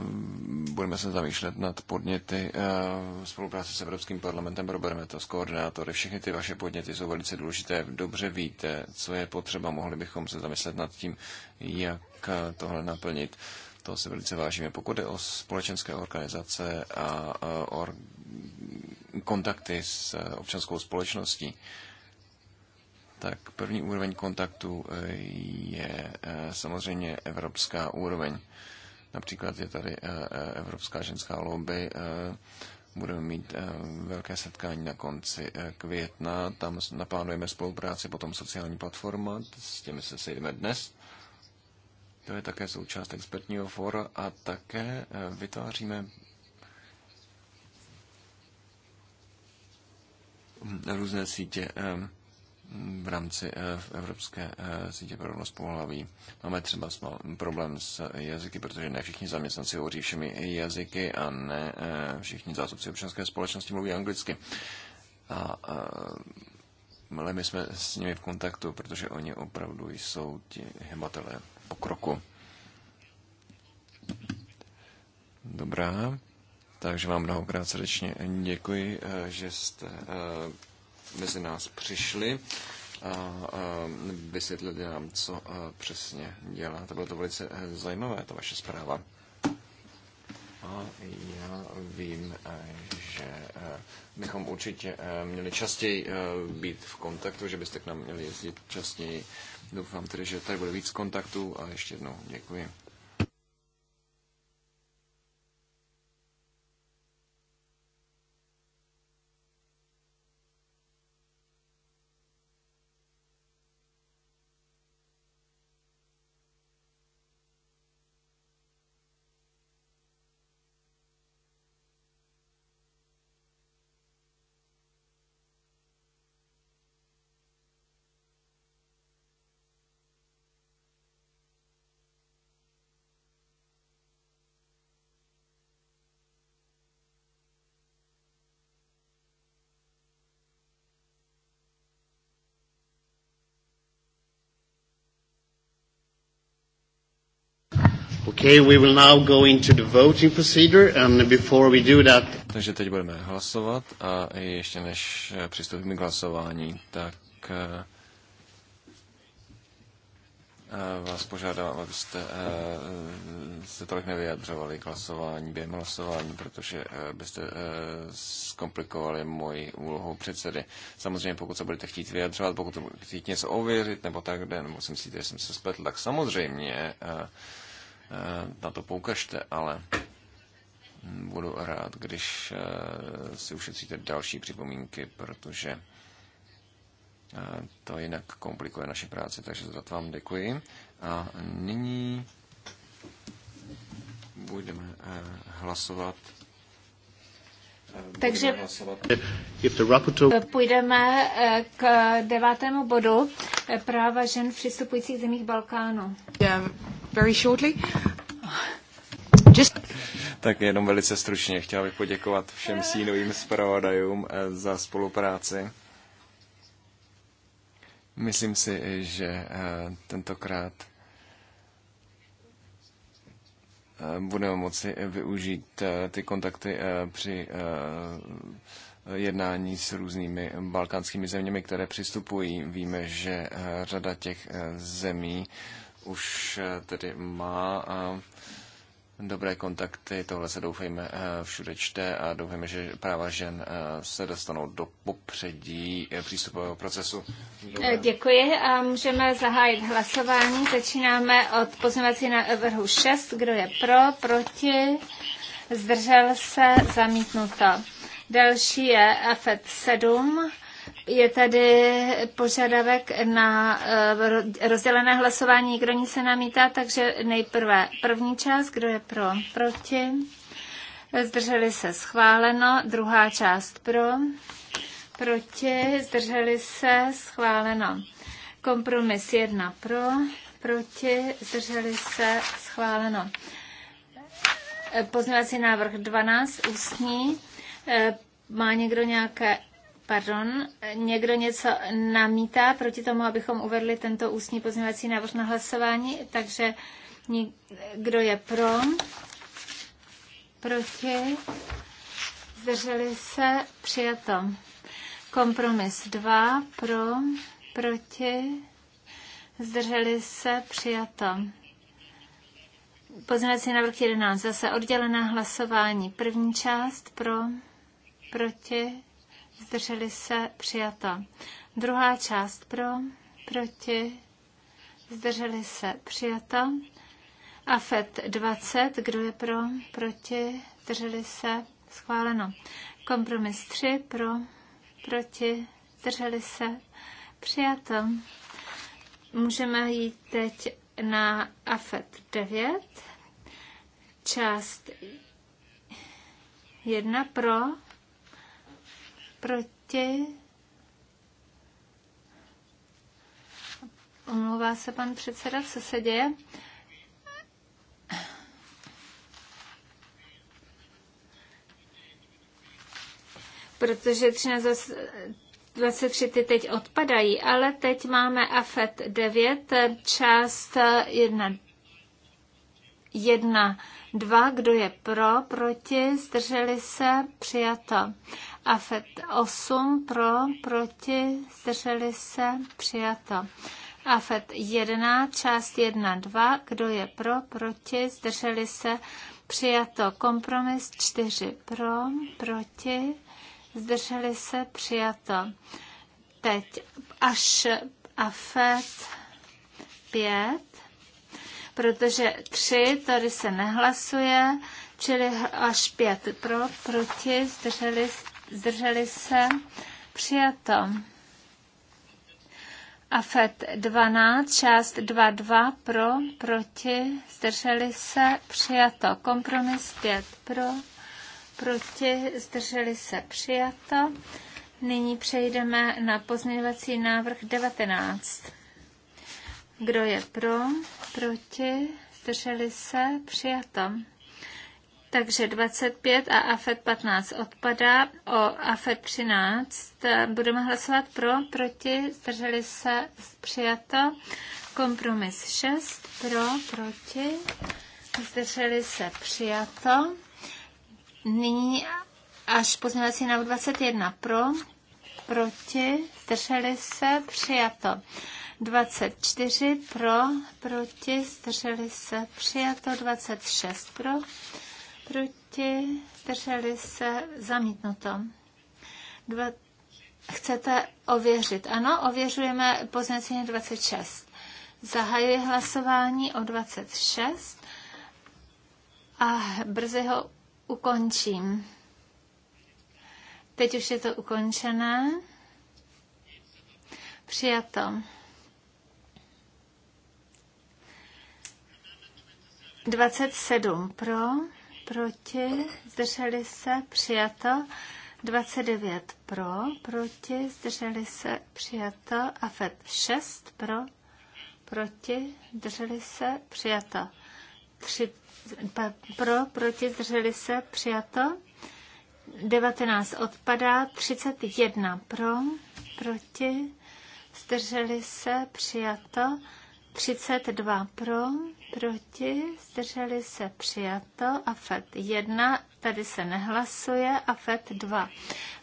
budeme se zamýšlet nad podněty eh, spolupráce s Evropským parlamentem, probereme to s koordinátory. Všechny ty vaše podněty jsou velice důležité. Dobře víte, co je potřeba. Mohli bychom se zamyslet nad tím, jak eh, tohle naplnit. To se velice vážíme. Pokud je o společenské organizace a o kontakty s občanskou společností, tak první úroveň kontaktu je samozřejmě evropská úroveň. Například je tady eh, eh, Evropská ženská lobby, eh, budeme mít velké setkání na konci května, tam naplánujeme spolupráci, potom sociální platforma, s těmi se sejdeme dnes. To je také součást expertního fora a také vytváříme hm, různé sítě v rámci eh, v Evropské eh, sítě pro rovnost pohlaví. Máme třeba problém s jazyky, protože ne všichni zaměstnanci hovoří všemi jazyky a ne eh, všichni zástupci občanské společnosti mluví anglicky. A, a ale my jsme s nimi v kontaktu, protože oni opravdu jsou ti po pokroku. Dobrá, takže vám mnohokrát srdečně děkuji, že jste mezi nás přišli a vysvětlili nám, co přesně dělá. To bylo to velice e, zajímavé, ta vaše zpráva. A já vím, e, že e, bychom určitě měli častěji být v kontaktu, že byste k nám měli jezdit častěji. Doufám tedy, že tady bude víc kontaktu a ještě jednou děkuji. Okay, we will now go into the voting procedure and before we do that... Takže teď budeme hlasovat a ještě než eh, přistoupíme k hlasování, tak eh, eh, vás požádám, abyste se tolik nevyjadřovali k hlasování během hlasování, protože byste zkomplikovali moji úlohu předsedy. Samozřejmě, pokud se budete chtít vyjadřovat, pokud chtít něco ověřit nebo tak, nebo si myslíte, že jsem se spletl, tak samozřejmě Eh, na to poukažte, ale budu rád, když eh, si ušetříte další připomínky, protože eh, to jinak komplikuje naši práci, takže za to vám děkuji. A nyní budeme hlasovat. Takže půjdeme k devátému bodu práva žen v přistupujících zemích Balkánu. Yeah very shortly. Just... Tak jenom velice stručně chtěla bych poděkovat všem sínovým zpravodajům eh, za spolupráci. Myslím si, že eh, tentokrát eh, budeme moci využít ty kontakty při jednání s různými balkánskými zeměmi, které přistupují. Víme, že řada těch zemí už eh, tedy má eh, dobré kontakty, tohle se doufejme eh, všude čte a doufejme, že práva žen se dostanou do popředí přístupového procesu. Děkuji a můžeme zahájit hlasování. Začínáme od pozměvací vrhu 6. Kdo je pro, proti, zdržel se, zamítnuto. Další je AFET 7. Je tady požadavek na eh, rozdělené hlasování, kdo nic se namítá, takže nejprve první část, kdo je pro, proti. Zdrželi se schváleno, druhá část pro, proti, zdrželi se schváleno. Kompromis jedna pro, proti, zdrželi se schváleno. Eh, pozměňovací návrh 12, ústní. Eh, má někdo nějaké Pardon, někdo něco namítá proti tomu, abychom uvedli tento ústní pozměňovací návrh na hlasování, takže kdo je pro, proti, zdrželi se, přijato. Kompromis 2, pro, proti, zdrželi se, přijato. Pozměňovací návrh 11, zase oddělená hlasování. První část pro, proti, zdrželi se, přijato. Druhá část pro, proti, zdrželi se, přijato. AFET 20, kdo je pro, proti, zdrželi se, schváleno. Kompromis 3, pro, proti, zdrželi se, přijato. Můžeme jít teď na AFET 9, část 1 pro, Proti? Omlouvá se pan předseda, co se děje? Protože 13, 23 ty teď odpadají, ale teď máme AFET 9, část 1, 1, 2, kdo je pro, proti, zdrželi se, přijato a AFET 8 pro, proti, zdrželi se, přijato. A AFET 11, část 1, 2, kdo je pro, proti, zdrželi se, přijato. Kompromis 4 pro, proti, zdrželi se, přijato. Teď až a AFET 5, protože 3 tady se nehlasuje, čili až 5 pro, proti, zdrželi se, zdrželi se, přijato. AFET 12, část 2.2 pro, proti, zdrželi se, přijato. Kompromis 5 pro, proti, zdrželi se, přijato. Nyní přejdeme na pozměňovací návrh 19. Kdo je pro, proti, zdrželi se, přijato takže 25 a AFET 15 odpadá. O AFET 13 eh, budeme hlasovat pro, proti, zdrželi se, přijato. Kompromis 6, pro, proti, zdrželi se, přijato. Nyní až pozměňovací návrh 21 pro, proti, zdrželi se, přijato. 24 pro, proti, zdrželi se, přijato. 26 pro, proti, drželi se, zamítnuto. Dva, chcete ověřit? Ano, ověřujeme poznaceně 26. Zahajuji hlasování o 26 a brzy ho ukončím. Teď už je to ukončené. Přijato. 27 pro proti, zdrželi se, přijato. 29 pro, proti, zdrželi se, přijato. FED 6 pro, proti, zdrželi se, přijato. 3 pro, proti, zdrželi se, přijato. 19 odpadá, 31 pro, proti, zdrželi se, přijato. 32 pro, proti, zdrželi se přijato a fet 1, tady se nehlasuje a fet 2.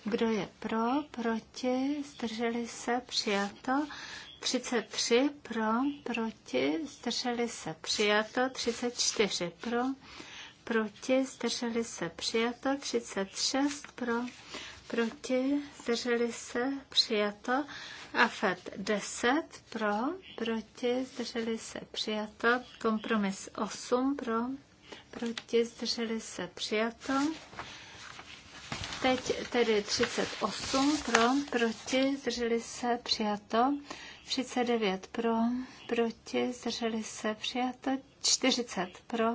Kdo je pro, proti, zdrželi se přijato, 33 pro, proti, zdrželi se přijato, 34 pro, proti, zdrželi se přijato, 36 pro, proti, zdrželi se přijato, AFED 10 pro, proti, zdrželi se přijato. Kompromis 8 pro, proti, zdrželi se přijato. Teď tedy 38 pro, proti, zdrželi se přijato. 39 pro, proti, zdrželi se přijato. 40 pro,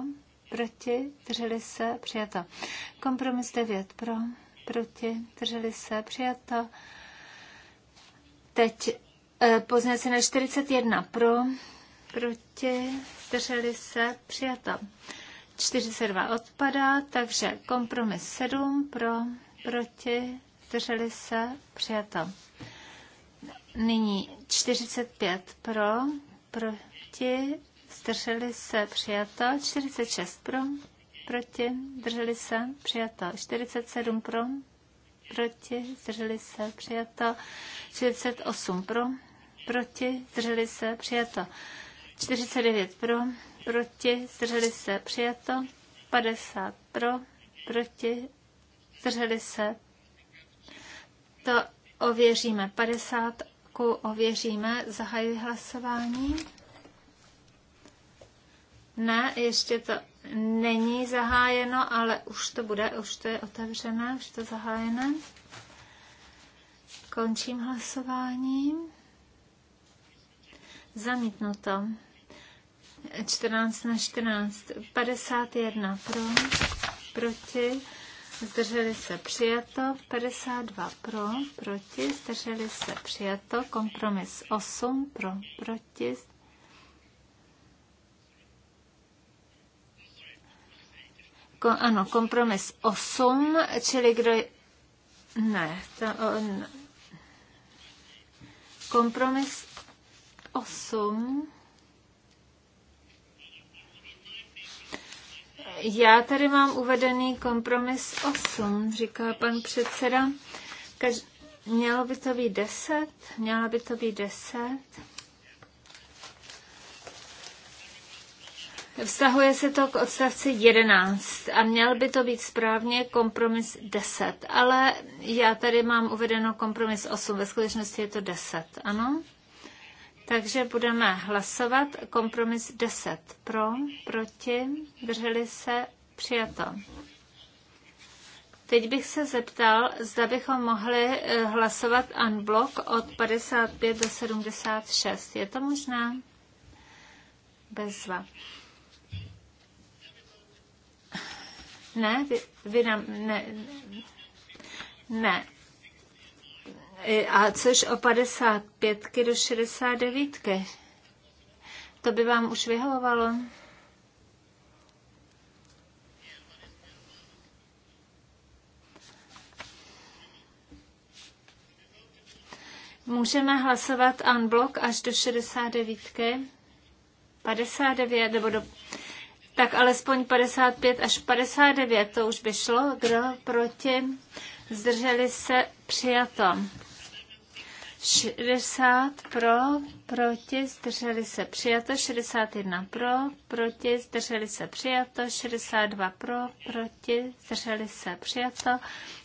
proti, zdrželi se přijato. Kompromis 9 pro, proti, zdrželi se přijato. Teď eh, na 41 pro, proti, zdrželi se, přijato. 42 odpadá, takže kompromis 7 pro, proti, zdrželi se, přijato. Nyní 45 pro, proti, zdrželi se, přijato. 46 pro, proti, drželi se, přijato. 47 pro, proti, zdrželi se, přijato. 48 pro, proti, zdrželi se, přijato. 49 pro, proti, zdrželi se, přijato. 50 pro, proti, zdrželi se. To ověříme. 50 ověříme. Zahajuji hlasování. Ne, ještě to není zahájeno, ale už to bude, už to je otevřené, už to zahájené. Končím hlasováním. Zamítnuto. 14 na 14. 51 pro, proti, zdrželi se přijato. 52 pro, proti, zdrželi se přijato. Kompromis 8 pro, proti, ano, kompromis 8, čili kdo je... Ne, to on... Kompromis 8... Já tady mám uvedený kompromis 8, říká pan předseda. Kaž... Mělo by to být 10, Měla by to být 10. Vztahuje se to k odstavci 11 a měl by to být správně kompromis 10, ale já tady mám uvedeno kompromis 8, ve skutečnosti je to 10, ano? Takže budeme hlasovat kompromis 10. Pro, proti, drželi se, přijato. Teď bych se zeptal, zda bychom mohli eh, hlasovat unblock od 55 do 76. Je to možné? Bezva. Ne, vy, vy nám, ne, ne. A což o 55 do 69? -ky. To by vám už vyhovovalo? Můžeme hlasovat unblock až do 69. -ky. 59 nebo do tak alespoň 55 až 59, to už by šlo, kdo proti, zdrželi se, přijato. 60 pro, proti, zdrželi se přijato, 61 pro, proti, zdrželi se přijato, 62 pro, proti, zdrželi se přijato,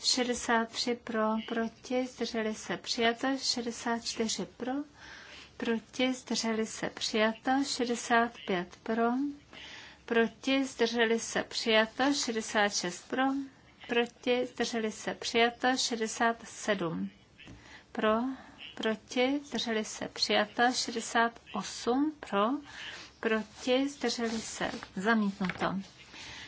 63 pro, proti, zdrželi se přijato, 64 pro, proti, zdrželi se přijato, 65 pro, proti, zdrželi se přijato, 66 pro, proti, zdrželi se přijato, 67 pro, proti, zdrželi se přijato, 68 pro, proti, zdrželi se zamítnuto.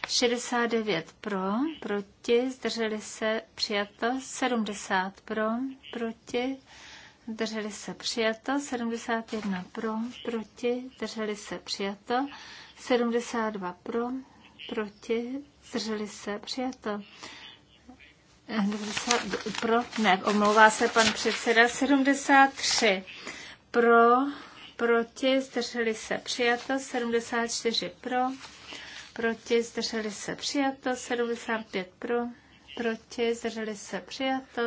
69 pro, proti, zdrželi se přijato, 70 pro, proti, zdrželi se přijato, 71 pro, proti, zdrželi se přijato, 72 pro, proti, zdrželi se, přijato. 90, pro, ne, omlouvá se pan předseda, 73 pro, proti, zdrželi se, přijato, 74 pro, proti, zdrželi se, přijato, 75 pro, proti, zdrželi se, přijato,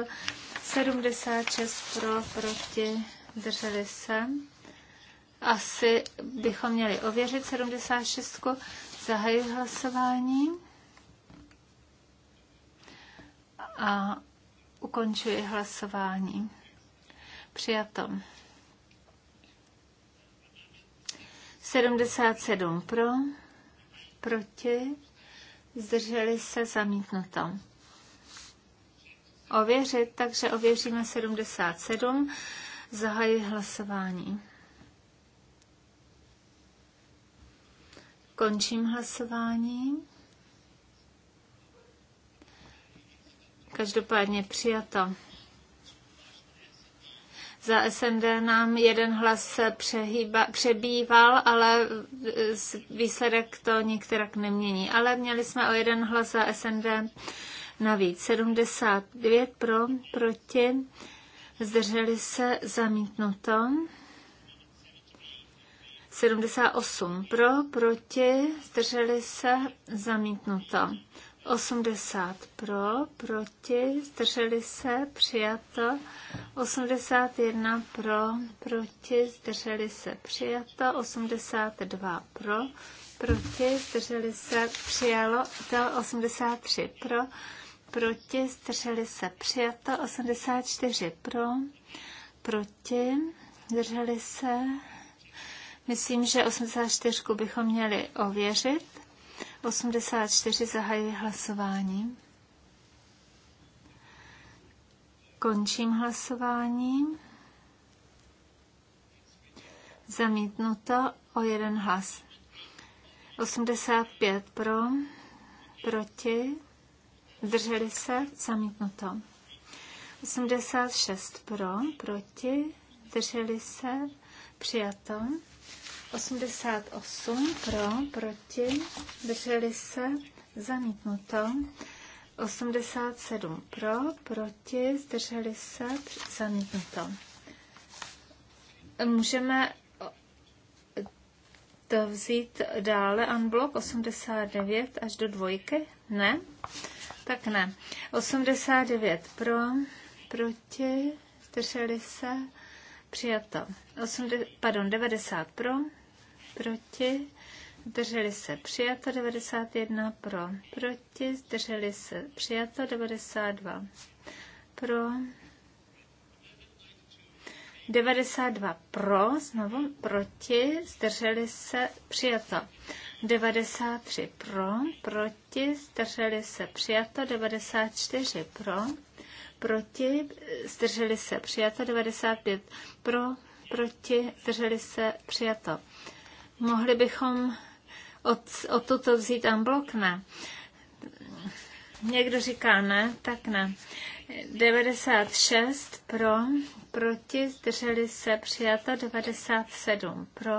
76 pro, proti, zdrželi se asi bychom měli ověřit 76. Zahajuji hlasování a ukončuji hlasování. Přijatom. 77 pro, proti, zdrželi se zamítnuto. Ověřit, takže ověříme 77. Zahajuji hlasování. Končím hlasování. Každopádně přijato. Za SND nám jeden hlas přehýba, přebýval, ale výsledek to nikterak nemění. Ale měli jsme o jeden hlas za SND navíc. 79 pro, proti, zdrželi se zamítnuto. 78 pro, proti, zdrželi se, zamítnuto. 80 pro, proti, zdrželi se, přijato. 81 pro, proti, zdrželi se, přijato. 82 pro, proti, zdrželi se, přijalo. 83 pro, proti, zdrželi se, přijato. 84 pro, proti, zdrželi se, Myslím, že 84 bychom měli ověřit. 84 zahajuji hlasování. Končím hlasováním. Zamítnuto o jeden hlas. 85 pro, proti, zdrželi se, zamítnuto. 86 pro, proti, zdrželi se, přijato. 88 pro, proti, drželi se, zamítnuto. 87 pro, proti, zdrželi se, zamítnuto. Můžeme eh, to vzít dále unblock 89 až do dvojky? Ne? Tak ne. 89 pro, proti, zdrželi se, přijato. 80, pardon, 90 pro, proti, zdrželi se přijato 91 pro, proti, zdrželi se přijato 92 pro, 92 pro, znovu proti, zdrželi se přijato 93 pro, proti, zdrželi se přijato 94 pro, proti, zdrželi se přijato 95 pro, proti, zdrželi se přijato Mohli bychom od, od toto vzít amblok? Ne. Někdo říká ne, tak ne. 96 pro, proti, zdrželi se přijato 97 pro,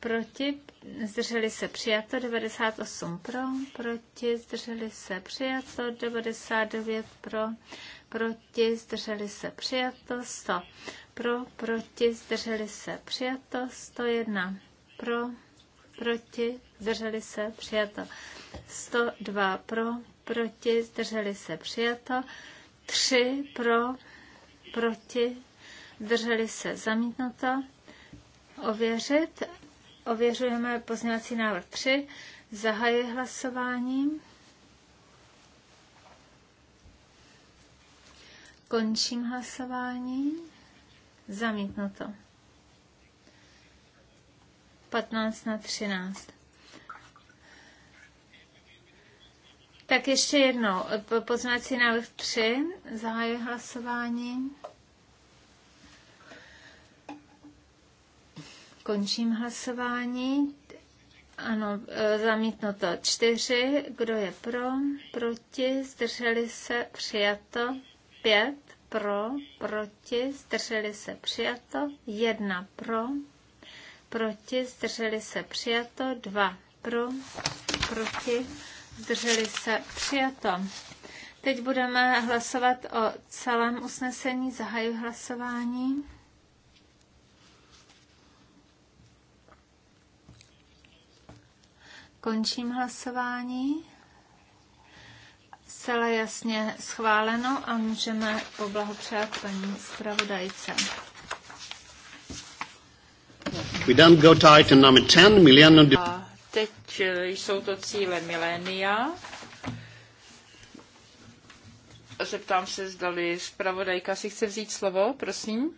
proti, zdrželi se přijato 98 pro, proti, zdrželi se přijato 99 pro, proti, zdrželi se přijato 100 pro, proti, zdrželi se přijato 101 pro, proti, zdrželi se, přijato. 102 pro, proti, zdrželi se, přijato. 3 pro, proti, zdrželi se, zamítnuto. Ověřit. Ověřujeme pozměňovací návrh 3. Zahajuji hlasování Končím hlasování. Zamítnuto. 15 na 13. Tak ještě jednou. Poznací návrh 3. Zahajuji hlasování. Končím hlasování. Ano, e, zamítnuto 4, Kdo je pro? Proti? Zdrželi se? Přijato? 5 Pro? Proti? Zdrželi se? Přijato? Jedna. Pro? proti, zdrželi se přijato, dva. pro, proti, zdrželi se přijato. Teď budeme hlasovat o celém usnesení, zahaju hlasování. Končím hlasování. Celé jasně schváleno a můžeme poblahopřát paní zpravodajce. We don't go to item number 10, millennium... A teď eh, jsou to cíle milénia. Zeptám se, zdali zpravodajka si chce vzít slovo, prosím.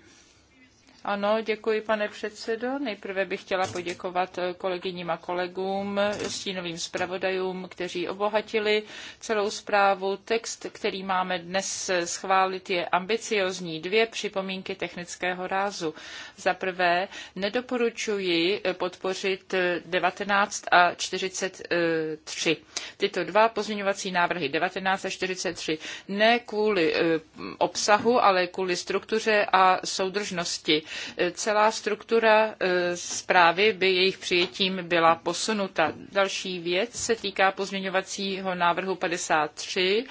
Ano, děkuji, pane předsedo. Nejprve bych chtěla poděkovat eh, kolegyním a kolegům, stínovým zpravodajům, kteří obohatili celou zprávu. Text, který máme dnes eh, schválit, je ambiciozní. Dvě připomínky technického rázu. Za prvé, nedoporučuji eh, podpořit 19 a 43. Tyto dva pozměňovací návrhy, 19 a 43, ne kvůli obsahu, ale kvůli struktuře a soudržnosti celá struktura e, zprávy by jejich přijetím byla posunuta. Další věc se týká pozměňovacího návrhu 53.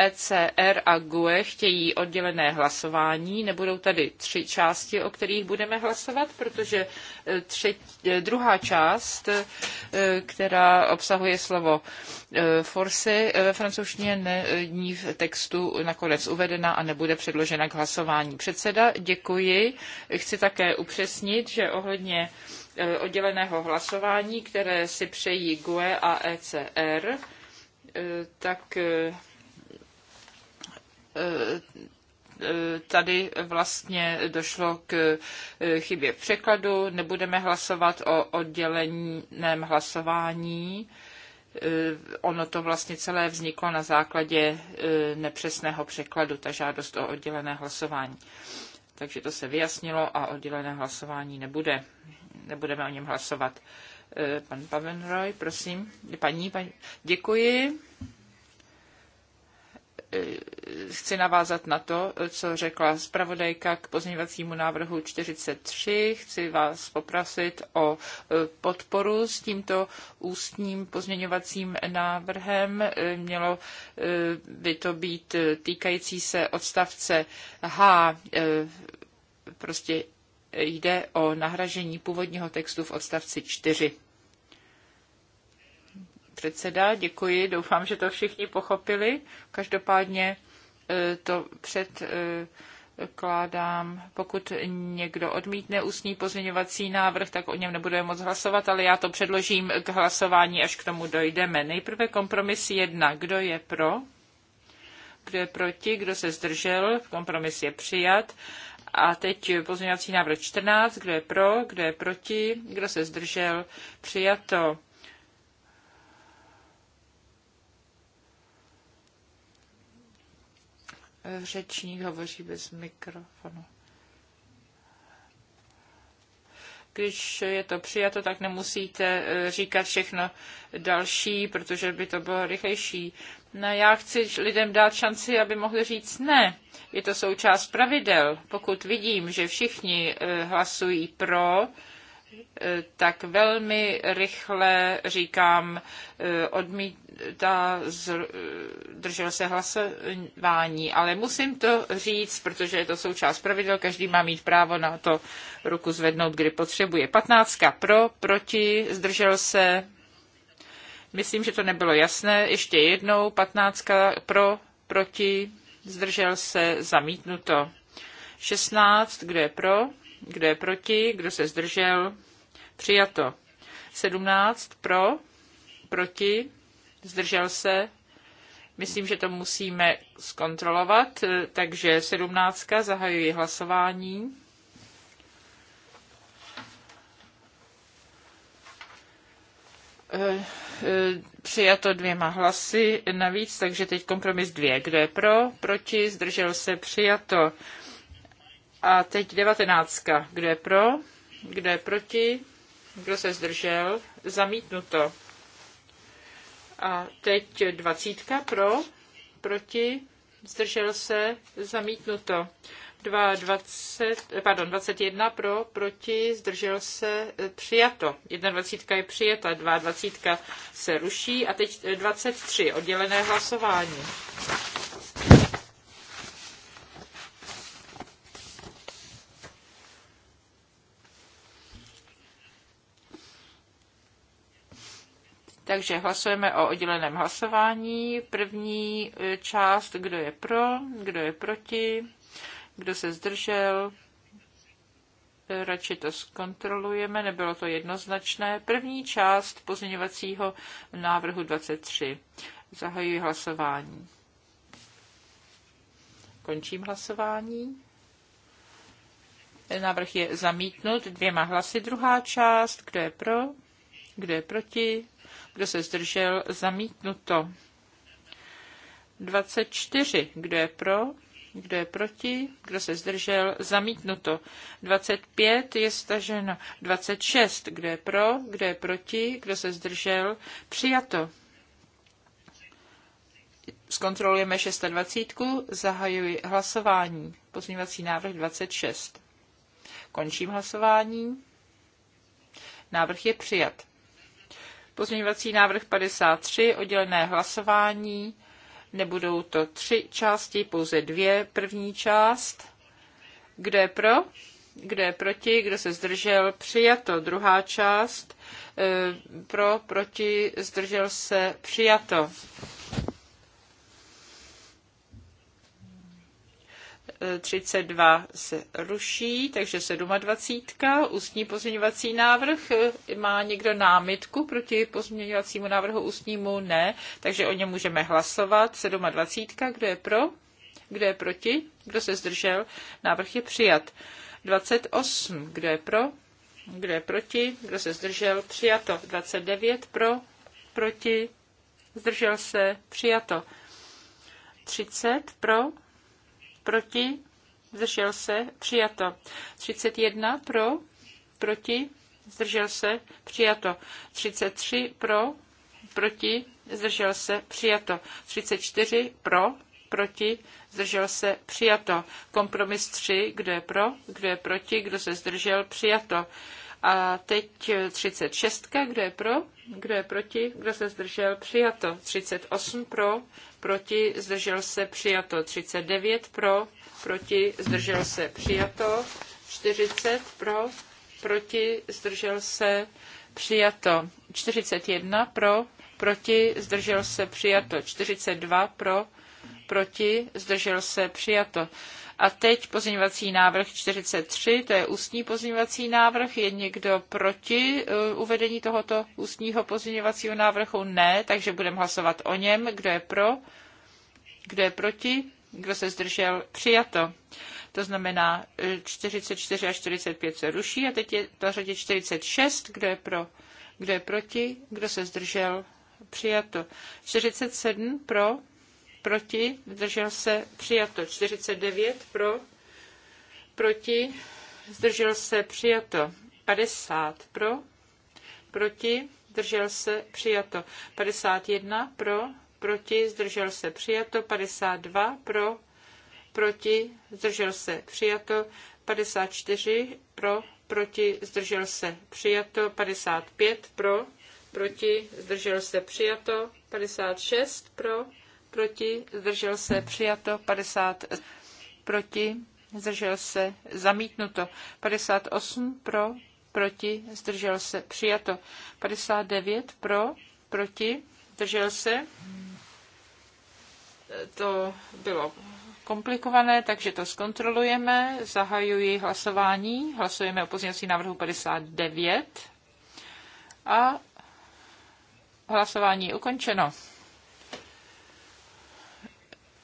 ECR e a GUE chtějí oddělené hlasování. Nebudou tady tři části, o kterých budeme hlasovat, protože e, třetí, druhá část, která obsahuje slovo force ve francouzštině není v textu nakonec uvedena a nebude předložena k hlasování. Předseda, děkuji. Chci také upřesnit, že ohledně eh, odděleného hlasování, které si přejí GUE a ECR, eh, tak eh, tady vlastně došlo k chybě v překladu. Nebudeme hlasovat o odděleném hlasování. Ono to vlastně celé vzniklo na základě nepřesného překladu, ta žádost o oddělené hlasování. Takže to se vyjasnilo a oddělené hlasování nebude. Nebudeme o něm hlasovat. E, pan Pavenroy, prosím. Paní, paní. děkuji. Eh, chci navázat na to, co řekla zpravodajka k pozměňovacímu návrhu 43. Chci vás poprosit o eh, podporu s tímto ústním pozměňovacím návrhem. Eh, mělo by to být týkající se odstavce H, prostě jde o nahražení původního textu v odstavci 4. Předseda, děkuji, doufám, že to všichni pochopili. Každopádně e, to před e, kládám. Pokud někdo odmítne ústní pozměňovací návrh, tak o něm nebudeme moc hlasovat, ale já to předložím k hlasování, až k tomu dojdeme. Nejprve kompromis jedna. Kdo je pro? Kdo je proti? Kdo se zdržel? Kompromis je přijat. A teď pozměňovací návrh 14. Kdo je pro? Kdo je proti? Kdo se zdržel? Přijato. Řečník hovoří bez mikrofonu. Když je to přijato, tak nemusíte eh, říkat všechno další, protože by to bylo rychlejší. No, já chci lidem dát šanci, aby mohli říct ne. Je to součást pravidel. Pokud vidím, že všichni eh, hlasují pro, tak velmi rychle říkám, eh, odmítá, eh, držel se hlasování, ale musím to říct, protože je to součást pravidel, každý má mít právo na to ruku zvednout, kdy potřebuje. 15 pro, proti, zdržel se, myslím, že to nebylo jasné, ještě jednou, 15 pro, proti, zdržel se, zamítnuto. 16, kdo je pro? Kdo je proti? Kdo se zdržel? Přijato. 17 pro, proti, zdržel se. Myslím, že to musíme zkontrolovat, takže 17. zahajuji hlasování. Eh, eh, přijato dvěma hlasy navíc, takže teď kompromis dvě. Kdo je pro, proti, zdržel se, přijato. A teď devatenáctka. Kdo je pro? Kdo je proti? Kdo se zdržel? Zamítnuto. A teď dvacítka pro, proti, zdržel se, zamítnuto. 2, 20, eh, pardon, 21 pro, proti, zdržel se, eh, přijato. 21 je dva 22 se ruší a teď 23, eh, oddělené hlasování. Takže hlasujeme o odděleném hlasování. První e, část, kdo je pro, kdo je proti, kdo se zdržel. E, radši to zkontrolujeme, nebylo to jednoznačné. První část pozměňovacího návrhu 23. Zahajuji hlasování. Končím hlasování. E, návrh je zamítnut dvěma hlasy. Druhá část, kdo je pro, kdo je proti, kdo se zdržel? Zamítnuto. 24. Kdo je pro? Kdo je proti? Kdo se zdržel? Zamítnuto. 25 je staženo. 26. Kdo je pro? Kdo je proti? Kdo se zdržel? Přijato. Zkontrolujeme 26. Zahajuji hlasování. Pozměňovací návrh 26. Končím hlasování. Návrh je přijat. Pozměňovací návrh 53, oddělené hlasování. Nebudou to tři části, pouze dvě. První část. Kdo je pro? Kdo je proti? Kdo se zdržel? Přijato. Druhá část. Eh, pro, proti, zdržel se, přijato. 32 se ruší, takže 27. Ústní pozměňovací návrh. Má někdo námitku proti pozměňovacímu návrhu ústnímu? Ne. Takže o něm můžeme hlasovat. 27. Kdo je pro? Kdo je proti? Kdo se zdržel? Návrh je přijat. 28. Kdo je pro? Kdo je proti? Kdo se zdržel? Přijato. 29. Pro? Proti? Zdržel se? Přijato. 30. Pro? proti, zdržel se, přijato. 31 pro, proti, zdržel se, přijato. 33 pro, proti, zdržel se, přijato. 34 pro, proti, zdržel se, přijato. Kompromis 3, kdo je pro, kdo je proti, kdo se zdržel, přijato. A teď 36, kdo je pro, kdo je proti? Kdo se zdržel? Přijato. 38 pro, proti, zdržel se, přijato. 39 pro, proti, zdržel se, přijato. 40 pro, proti, zdržel se, přijato. 41 pro, proti, zdržel se, přijato. 42 pro, proti, zdržel se, přijato. A teď pozměňovací návrh 43, to je ústní pozměňovací návrh. Je někdo proti uh, uvedení tohoto ústního pozměňovacího návrhu? Ne, takže budeme hlasovat o něm. Kdo je pro? Kdo je proti? Kdo se zdržel? Přijato. To znamená 44 uh, a 45 se ruší a teď je to řadě 46. Kdo je pro? Kdo je proti? Kdo se zdržel? Přijato. 47 pro, proti, zdržel se, přijato 49 pro, proti, zdržel se, přijato 50 pro, proti, zdržel se, přijato 51 pro, proti, zdržel se, přijato 52 pro, proti, zdržel se, přijato 54 pro, proti, zdržel se, přijato 55 pro, proti, zdržel se, přijato 56 pro, proti, zdržel se, přijato, 50 proti, zdržel se, zamítnuto, 58 pro, proti, zdržel se, přijato, 59 pro, proti, zdržel se, to bylo komplikované, takže to zkontrolujeme. Zahajuji hlasování. Hlasujeme o pozměnací návrhu 59. A hlasování je ukončeno.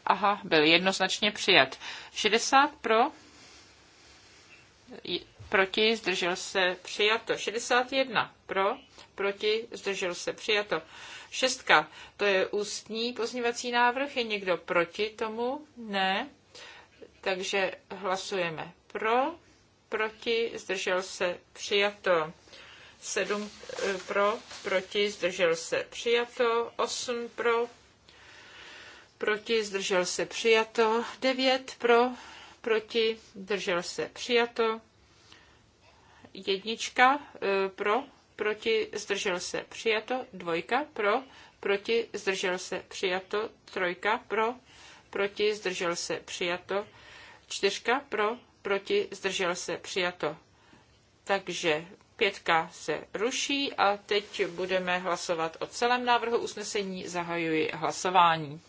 Aha, byl jednoznačně přijat. 60 pro, proti, zdržel se, přijato. 61 pro, proti, zdržel se, přijato. Šestka, to je ústní pozněvací návrh, je někdo proti tomu? Ne. Takže hlasujeme pro, proti, zdržel se, přijato. Sedm eh, pro, proti, zdržel se, přijato. Osm pro, proti, zdržel se přijato, 9 pro, proti, zdržel se přijato, jednička e, pro, proti, zdržel se přijato, dvojka pro, proti, zdržel se přijato, trojka pro, proti, zdržel se přijato, čtyřka pro, proti, zdržel se přijato. Takže pětka se ruší a teď budeme hlasovat o celém návrhu usnesení. Zahajuji hlasování.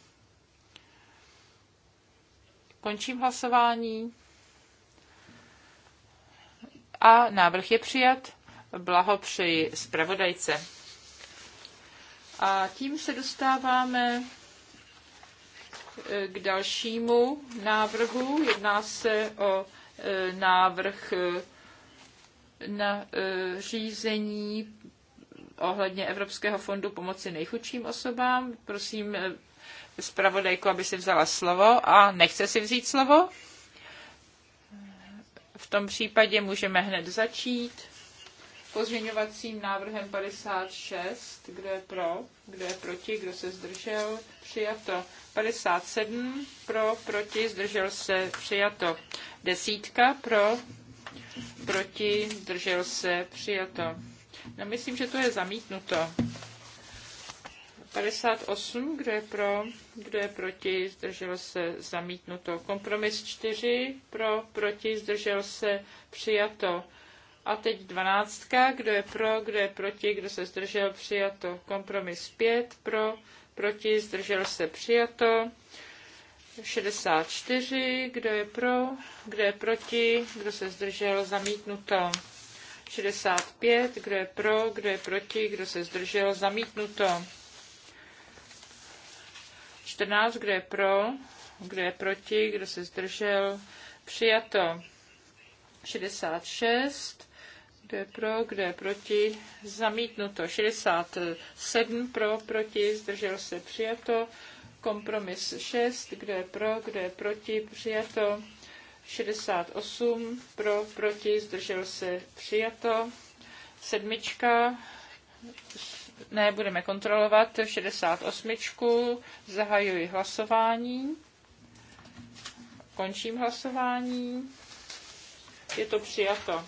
Končím hlasování. A návrh je přijat. Blahopřeji zpravodajce. A tím se dostáváme eh, k dalšímu návrhu. Jedná se o eh, návrh eh, na řízení ohledně Evropského fondu pomoci nejchudším osobám. Prosím, zpravodajku, aby si vzala slovo a nechce si vzít slovo. V tom případě můžeme hned začít pozměňovacím návrhem 56. Kdo je pro? Kdo je proti? Kdo se zdržel? Přijato. 57. Pro, proti, zdržel se. Přijato. Desítka. Pro, proti, zdržel se. Přijato. No, myslím, že to je zamítnuto. 58, kdo je pro, kdo je proti, zdržel se zamítnuto. Kompromis 4, pro, proti, zdržel se přijato. A teď 12, kdo je pro, kdo je proti, kdo se zdržel přijato. Kompromis 5, pro, proti, zdržel se přijato. 64, kdo je pro, kdo je proti, kdo se zdržel zamítnuto. 65, kdo je pro, kdo je proti, kdo se zdržel zamítnuto. 14, kdo je pro, kdo je proti, kdo se zdržel, přijato. 66, kdo je pro, kdo je proti, zamítnuto. 67 pro, proti, zdržel se, přijato. Kompromis 6, kdo je pro, kdo je proti, přijato. 68 pro, proti, zdržel se, přijato. Sedmička, ne, budeme kontrolovat 68. Zahajuji hlasování. Končím hlasování. Je to přijato.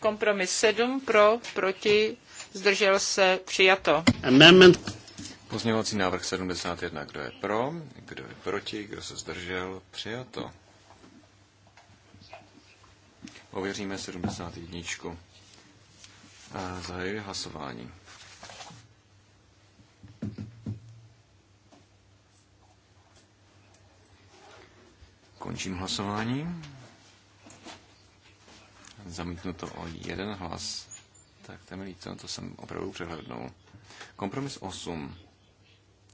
Kompromis 7 pro, proti, zdržel se, přijato. Amendment. Pozměňovací návrh 71. Kdo je pro, kdo je proti, kdo se zdržel, přijato. Ověříme 71. Zahajuji hlasování. Končím hlasování. Zamítnu to o jeden hlas. Tak to je líto, to jsem opravdu přehlednul. Kompromis 8.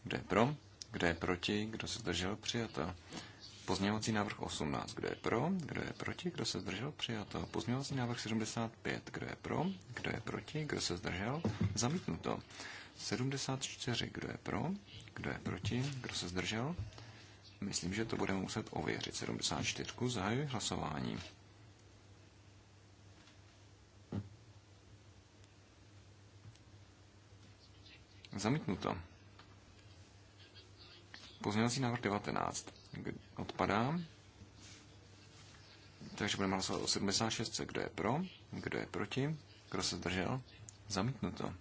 Kdo je pro? Kdo je proti? Kdo se zdržel? Přijato. Pozměňovací návrh 18. Kdo je pro? Kdo je proti? Kdo se zdržel? Přijato. Pozměňovací návrh 75. Kdo je pro? Kdo je proti? Kdo se zdržel? Zamítnuto. 74. Kdo je pro? Kdo je proti? Kdo se zdržel? Myslím, že to budeme muset ověřit. 74. Zahajuji hlasování. Zamítnuto. Pozměňovací návrh 19. Odpadá. Takže budeme hlasovat o 76. Kdo je pro? Kdo je proti? Kdo se zdržel? Zamítnuto.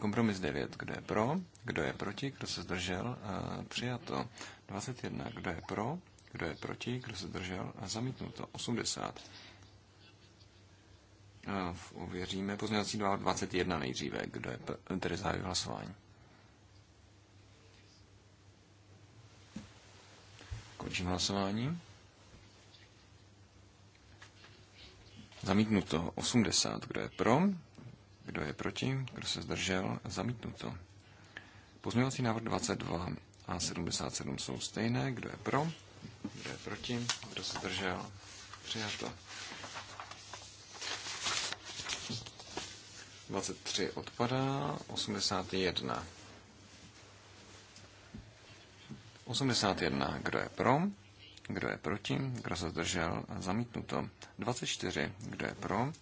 Kompromis 9. Kdo je pro? Kdo je proti? Kdo se zdržel? Eh, přijato. 21. Kdo je pro? Kdo je proti? Kdo se držel? A zamítnuto. 80. Ověříme pozměňovací 21 nejdříve, kdo je tedy zahájil hlasování. Končím hlasování. Zamítnuto 80. Kdo je pro? Kdo je proti? Kdo se zdržel? Zamítnuto. Pozměňovací návrh 22 a 77 jsou stejné. Kdo je pro? Kdo je proti? Kdo se držel? Přijato. 23 odpadá, 81. 81. Kdo je pro? Kdo je proti? Kdo se zdržel? Zamítnuto. 24. Kdo je pro?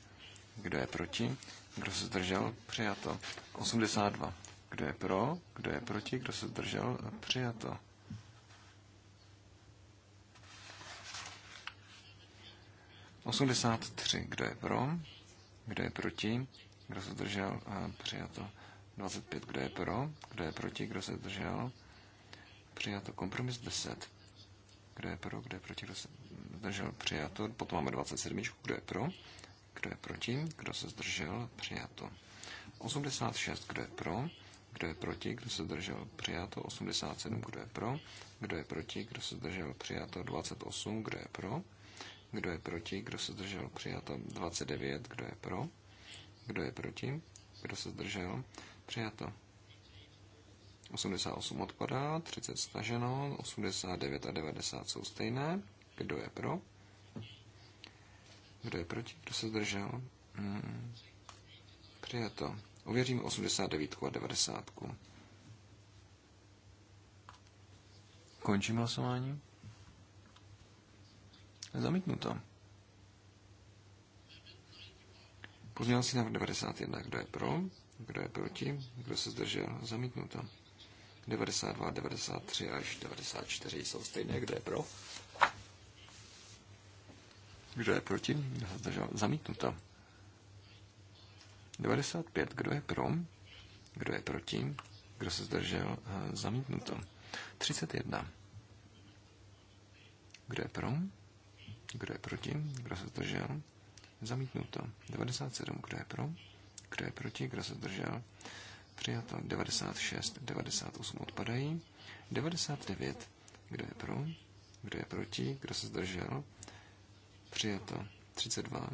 Kdo je proti? Kdo se zdržel? Přijato. 82. Kdo je pro? Kdo je proti? Kdo se zdržel? Přijato. Osmdesát tři. Kdo je pro? Kdo je proti? Kdo se zdržel? Přijato. 25. Kdo je pro? Kdo je proti? Kdo se zdržel? Přijato. Kompromis 10. Kdo je pro? Kdo je proti? Kdo se zdržel? Přijato. Potom máme 27. Kdo je pro? Kdo je proti? Kdo se zdržel? Přijato. 86. Kdo je pro? kdo je proti, kdo se zdržel, přijato 87, kdo je pro, kdo je proti, kdo se zdržel, přijato 28, kdo je pro, kdo je proti, kdo se zdržel, přijato 29, kdo je pro, kdo je proti, kdo se zdržel, přijato 88 odpadá, 30 staženo, 89 a 90 jsou stejné, kdo je pro, kdo je proti, kdo se zdržel, hmm. přijato ověřím 89 a 90. Končím hlasování. Zamítnuto. Pozměnil si návrh 91. Kdo je pro? Kdo je proti? Kdo se zdržel? Zamítnuto. 92, 93 až 94 jsou stejné. Kdo je pro? Kdo je proti? zdržel? Zamítnuto. 95. Eh, Kdo je pro? Kdo je proti? Kdo se zdržel? Zamítnuto. 31. Kdo je pro? Kdo je proti? Kdo se zdržel? Zamítnuto. 97. Kdo je pro? Kdo je proti? Kdo se zdržel? Přijato. 96. 98 odpadají. 99. Kdo je pro? Kdo je proti? Kdo se zdržel? Přijato. 32.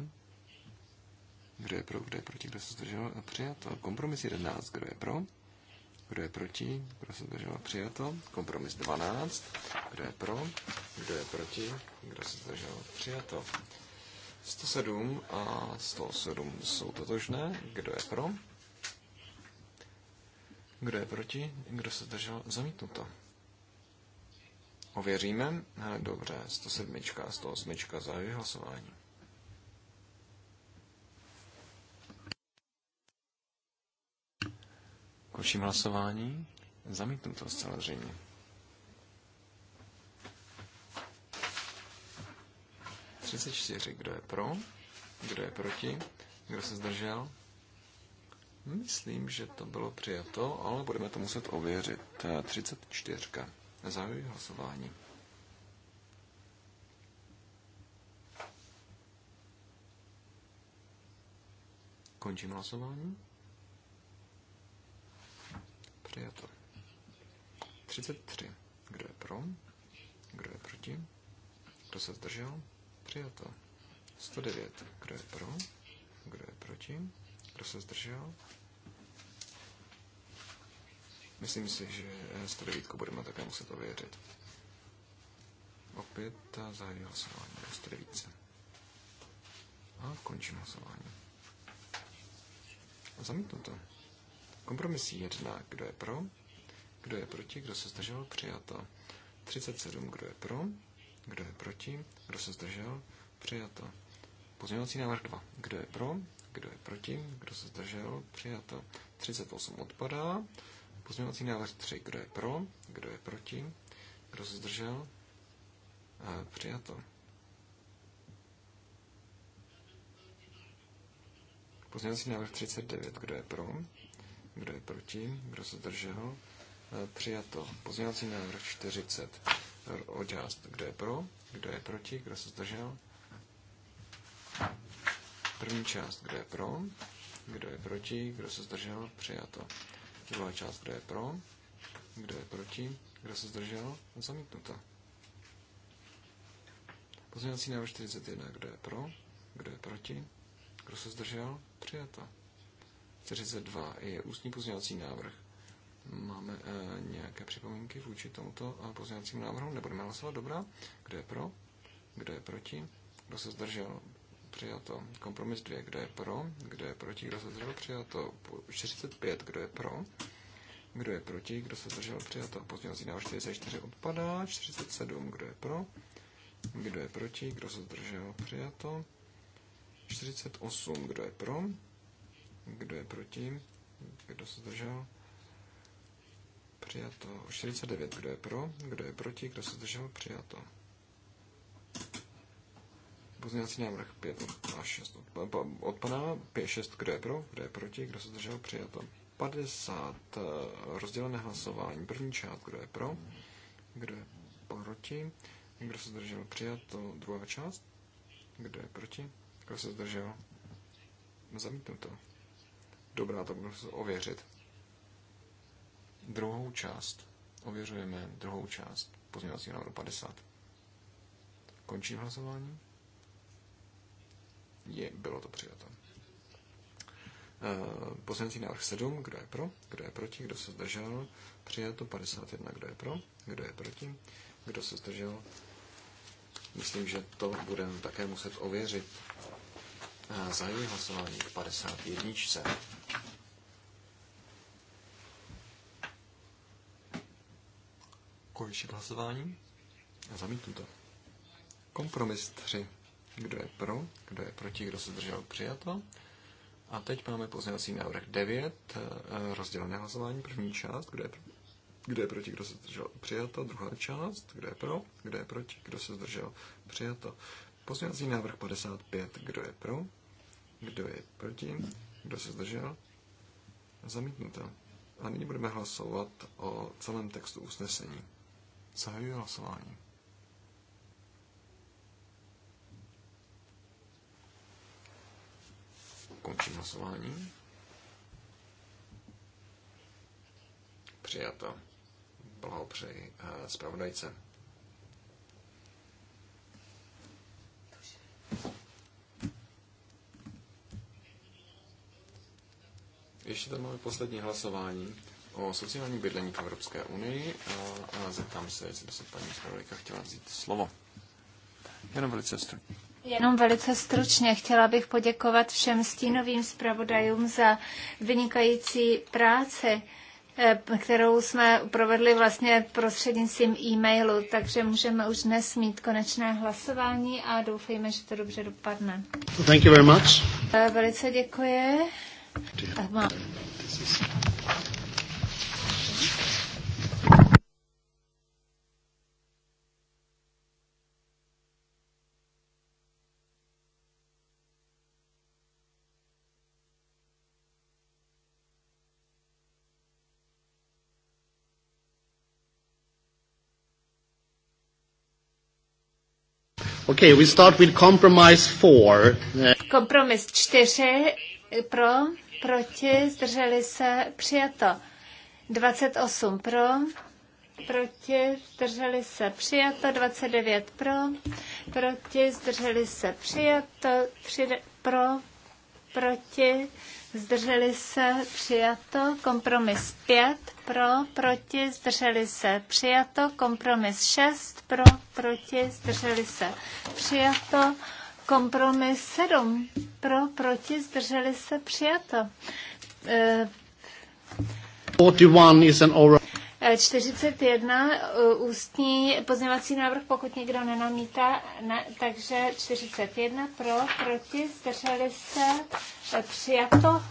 Kdo je pro, kdo je proti, kdo se zdržel? a Přijato. Kompromis 11. Kdo je pro? Kdo je proti? Kdo se zdržel? a Přijato. Kompromis 12. Kdo je pro? Kdo je proti? Kdo se zdržel? a Přijato. 107 a 107 jsou totožné. Kdo je pro? Kdo je proti? Kdo se zdržel? Zamítnuto. Ověříme. Dobře, 107 a 108 za hlasování. Končím hlasování. to zcela zřejmě. Kdo je pro? Kdo je proti? Kdo se zdržel? Myslím, že to bylo přijato, ale budeme to muset ověřit. 34. Zahajuji hlasování. Končím hlasování je to. 33. Kdo je pro? Kdo je proti? Kdo se zdržel? Přijato. 109. Kdo je pro? Kdo je proti? Kdo se zdržel? Myslím si, že 109 budeme také muset ověřit. Opět ta zahájí hlasování 109. A končím hlasování. Zamítnu to. Kompromis 1, kdo je pro, kdo je proti, kdo se zdržel, přijato. 37, kdo je pro, kdo je proti, kdo se zdržel, přijato. Pozměňovací návrh 2, kdo je pro, kdo je proti, kdo se zdržel, přijato. 38 odpadá. Pozměňovací návrh 3, kdo je pro, kdo je proti, kdo se zdržel, eh, přijato. Pozměňovací návrh 39, kdo je pro, kdo je proti? Kdo se zdržel? E, přijato. Pozměňovací návrh 40. E, o Kdo je pro? Kdo je proti? Kdo se zdržel? První část. Kdo je pro? Kdo je proti? Kdo se zdržel? Přijato. Druhá část. Kdo je pro? Kdo je proti? Kdo se zdržel? Zamítnuto. Pozměňovací návrh 41. Kdo je pro? Kdo je proti? Kdo se zdržel? Přijato. 42 je ústní pozměňovací návrh. Máme e, nějaké připomínky vůči tomuto eh, pozměňovacímu návrhu? Nebudeme hlasovat? Dobrá. Kdo je pro? Kdo je proti? Kdo se zdržel? Přijato. Kompromis 2. Kdo je pro? Kdo je proti? Kdo se zdržel? Přijato. 45. Kdo je pro? Kdo je proti? Kdo se zdržel? Přijato. Pozměňovací návrh 44 odpadá. 47. Kdo je pro? Kdo je proti? Kdo se zdržel? Přijato. 48. Kdo je pro? Kdo je proti? Kdo se zdržel? Přijato. 49. Kdo je pro? Kdo je proti? Kdo se zdržel? Přijato. Pozměňovací návrh 5 a 6 odpadá. 5, 6. Kdo je pro? Kdo je proti? Kdo se zdržel? Přijato. 50. Eh, rozdělené hlasování. První část. Kdo je pro? Kdo je proti? Kdo se zdržel? Přijato. Druhá část. Kdo je proti? Kdo se zdržel? Zamítnuto. to. Dobrá, to budu ověřit. Druhou část. Ověřujeme druhou část pozměňovacího návrhu 50. Končím hlasování. Je, bylo to přijato. E, eh, Poslanecí návrh 7, kdo je pro, kdo je proti, kdo se zdržel, přijato 51, kdo je pro, kdo je proti, kdo se zdržel. Myslím, že to budeme také muset ověřit. Eh, zahajuji hlasování k 51. ukončit hlasování. A to. Kompromis 3. Kdo je pro, kdo je proti, kdo se zdržel, přijato. A teď máme pozměňovací návrh 9, eh, rozdělené hlasování, první část, kdo je, kdo je proti, kdo se zdržel, přijato, druhá část, kdo je pro, kdo je proti, kdo se zdržel, přijato. Pozměňovací návrh 55, kdo je pro, kdo je proti, kdo se zdržel, zamítnuto. A nyní budeme hlasovat o celém textu usnesení. Zahajuji hlasování. Končím hlasování. Přijato. Blahopřeji eh, zpravodajce. Ještě tam máme poslední hlasování o sociální bydlení v Evropské unii a zeptám se, jestli by se paní zpravodajka chtěla vzít slovo. Jenom velice stručně. Jenom velice stručně chtěla bych poděkovat všem stínovým zpravodajům za vynikající práci eh, kterou jsme provedli vlastně prostřednictvím e-mailu, takže můžeme už dnes mít konečné hlasování a doufejme, že to dobře dopadne. Thank you very much. Eh, velice děkuji. Má... Okay, we start with compromise four. Kompromis čtyři pro, proti, zdrželi se, přijato. 28 pro, proti, zdrželi se, přijato. 29 pro, proti, zdrželi se, přijato. 3 pro, proti, zdrželi se, přijato, kompromis 5, pro, proti, zdrželi se, přijato, kompromis 6, pro, proti, zdrželi se, přijato, kompromis 7, pro, proti, zdrželi se, přijato. Uh, eh, 41 is an oral 41 e, e, ústní pozměvací návrh, pokud někdo nenamítá, ne, takže 41 pro, proti, zdrželi se, e, přijato.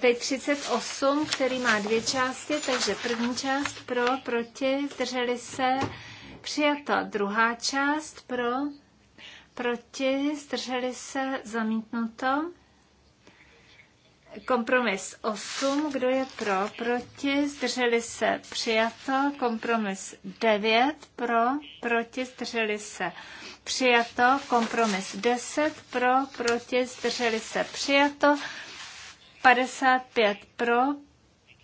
Teď 38, který má dvě části, takže první část pro, proti, zdrželi se, přijato. Druhá část pro, proti, zdrželi se, zamítnuto. Kompromis 8, kdo je pro, proti, zdrželi se, přijato. Kompromis 9, pro, proti, zdrželi se, přijato. Kompromis 10, pro, proti, zdrželi se, přijato. 55 pro,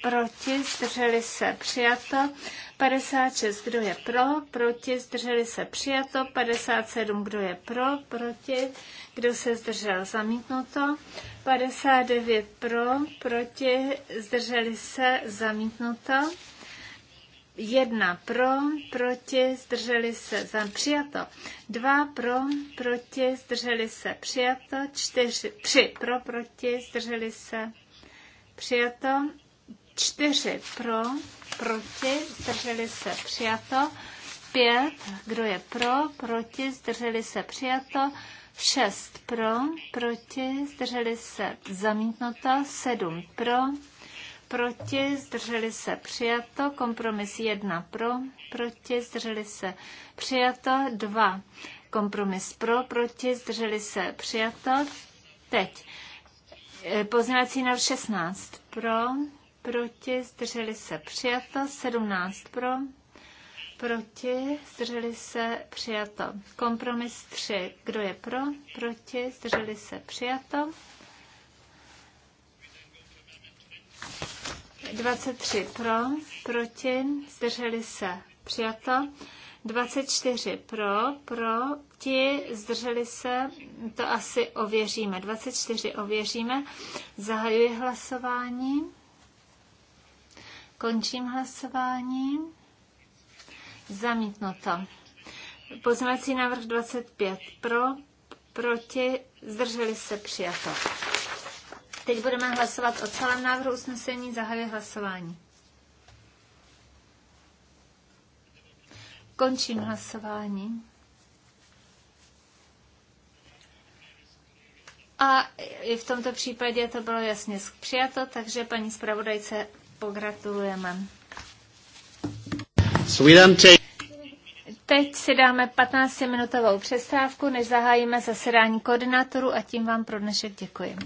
proti, zdrželi se, přijato. 56, kdo je pro, proti, zdrželi se, přijato. 57, kdo je pro, proti, kdo se zdržel zamítnuto, 59 pro, proti, zdrželi se zamítnuto, 1 pro, proti, zdrželi se zam, přijato, 2 pro, proti, zdrželi se přijato, 4, 3 pro, proti, zdrželi se přijato, 4 pro, proti, zdrželi se přijato, 5, kdo je pro, proti, zdrželi se přijato, 6 pro, proti, zdrželi se zamítnuto, 7 pro, proti, zdrželi se přijato, kompromis 1 pro, proti, zdrželi se přijato, 2 kompromis pro, proti, zdrželi se přijato, teď e, pozměňovací na 16 pro, proti, zdrželi se přijato, 17 pro, proti, zdrželi se, přijato. Kompromis 3, kdo je pro, proti, zdrželi se, přijato. 23 pro, proti, zdrželi se, přijato. 24 pro, proti, zdrželi se, to asi ověříme. 24 ověříme, zahajuji hlasování, končím hlasování. Zamítnuto. Pozměcí návrh 25 pro, proti, zdrželi se přijato. Teď budeme hlasovat o celém návrhu usnesení, zahajuji hlasování. Končím hlasování. A i v tomto případě to bylo jasně přijato, takže paní zpravodajce pogratulujeme. Teď si dáme 15-minutovou přestávku, než zahájíme zasedání koordinátorů a tím vám pro dnešek děkuji.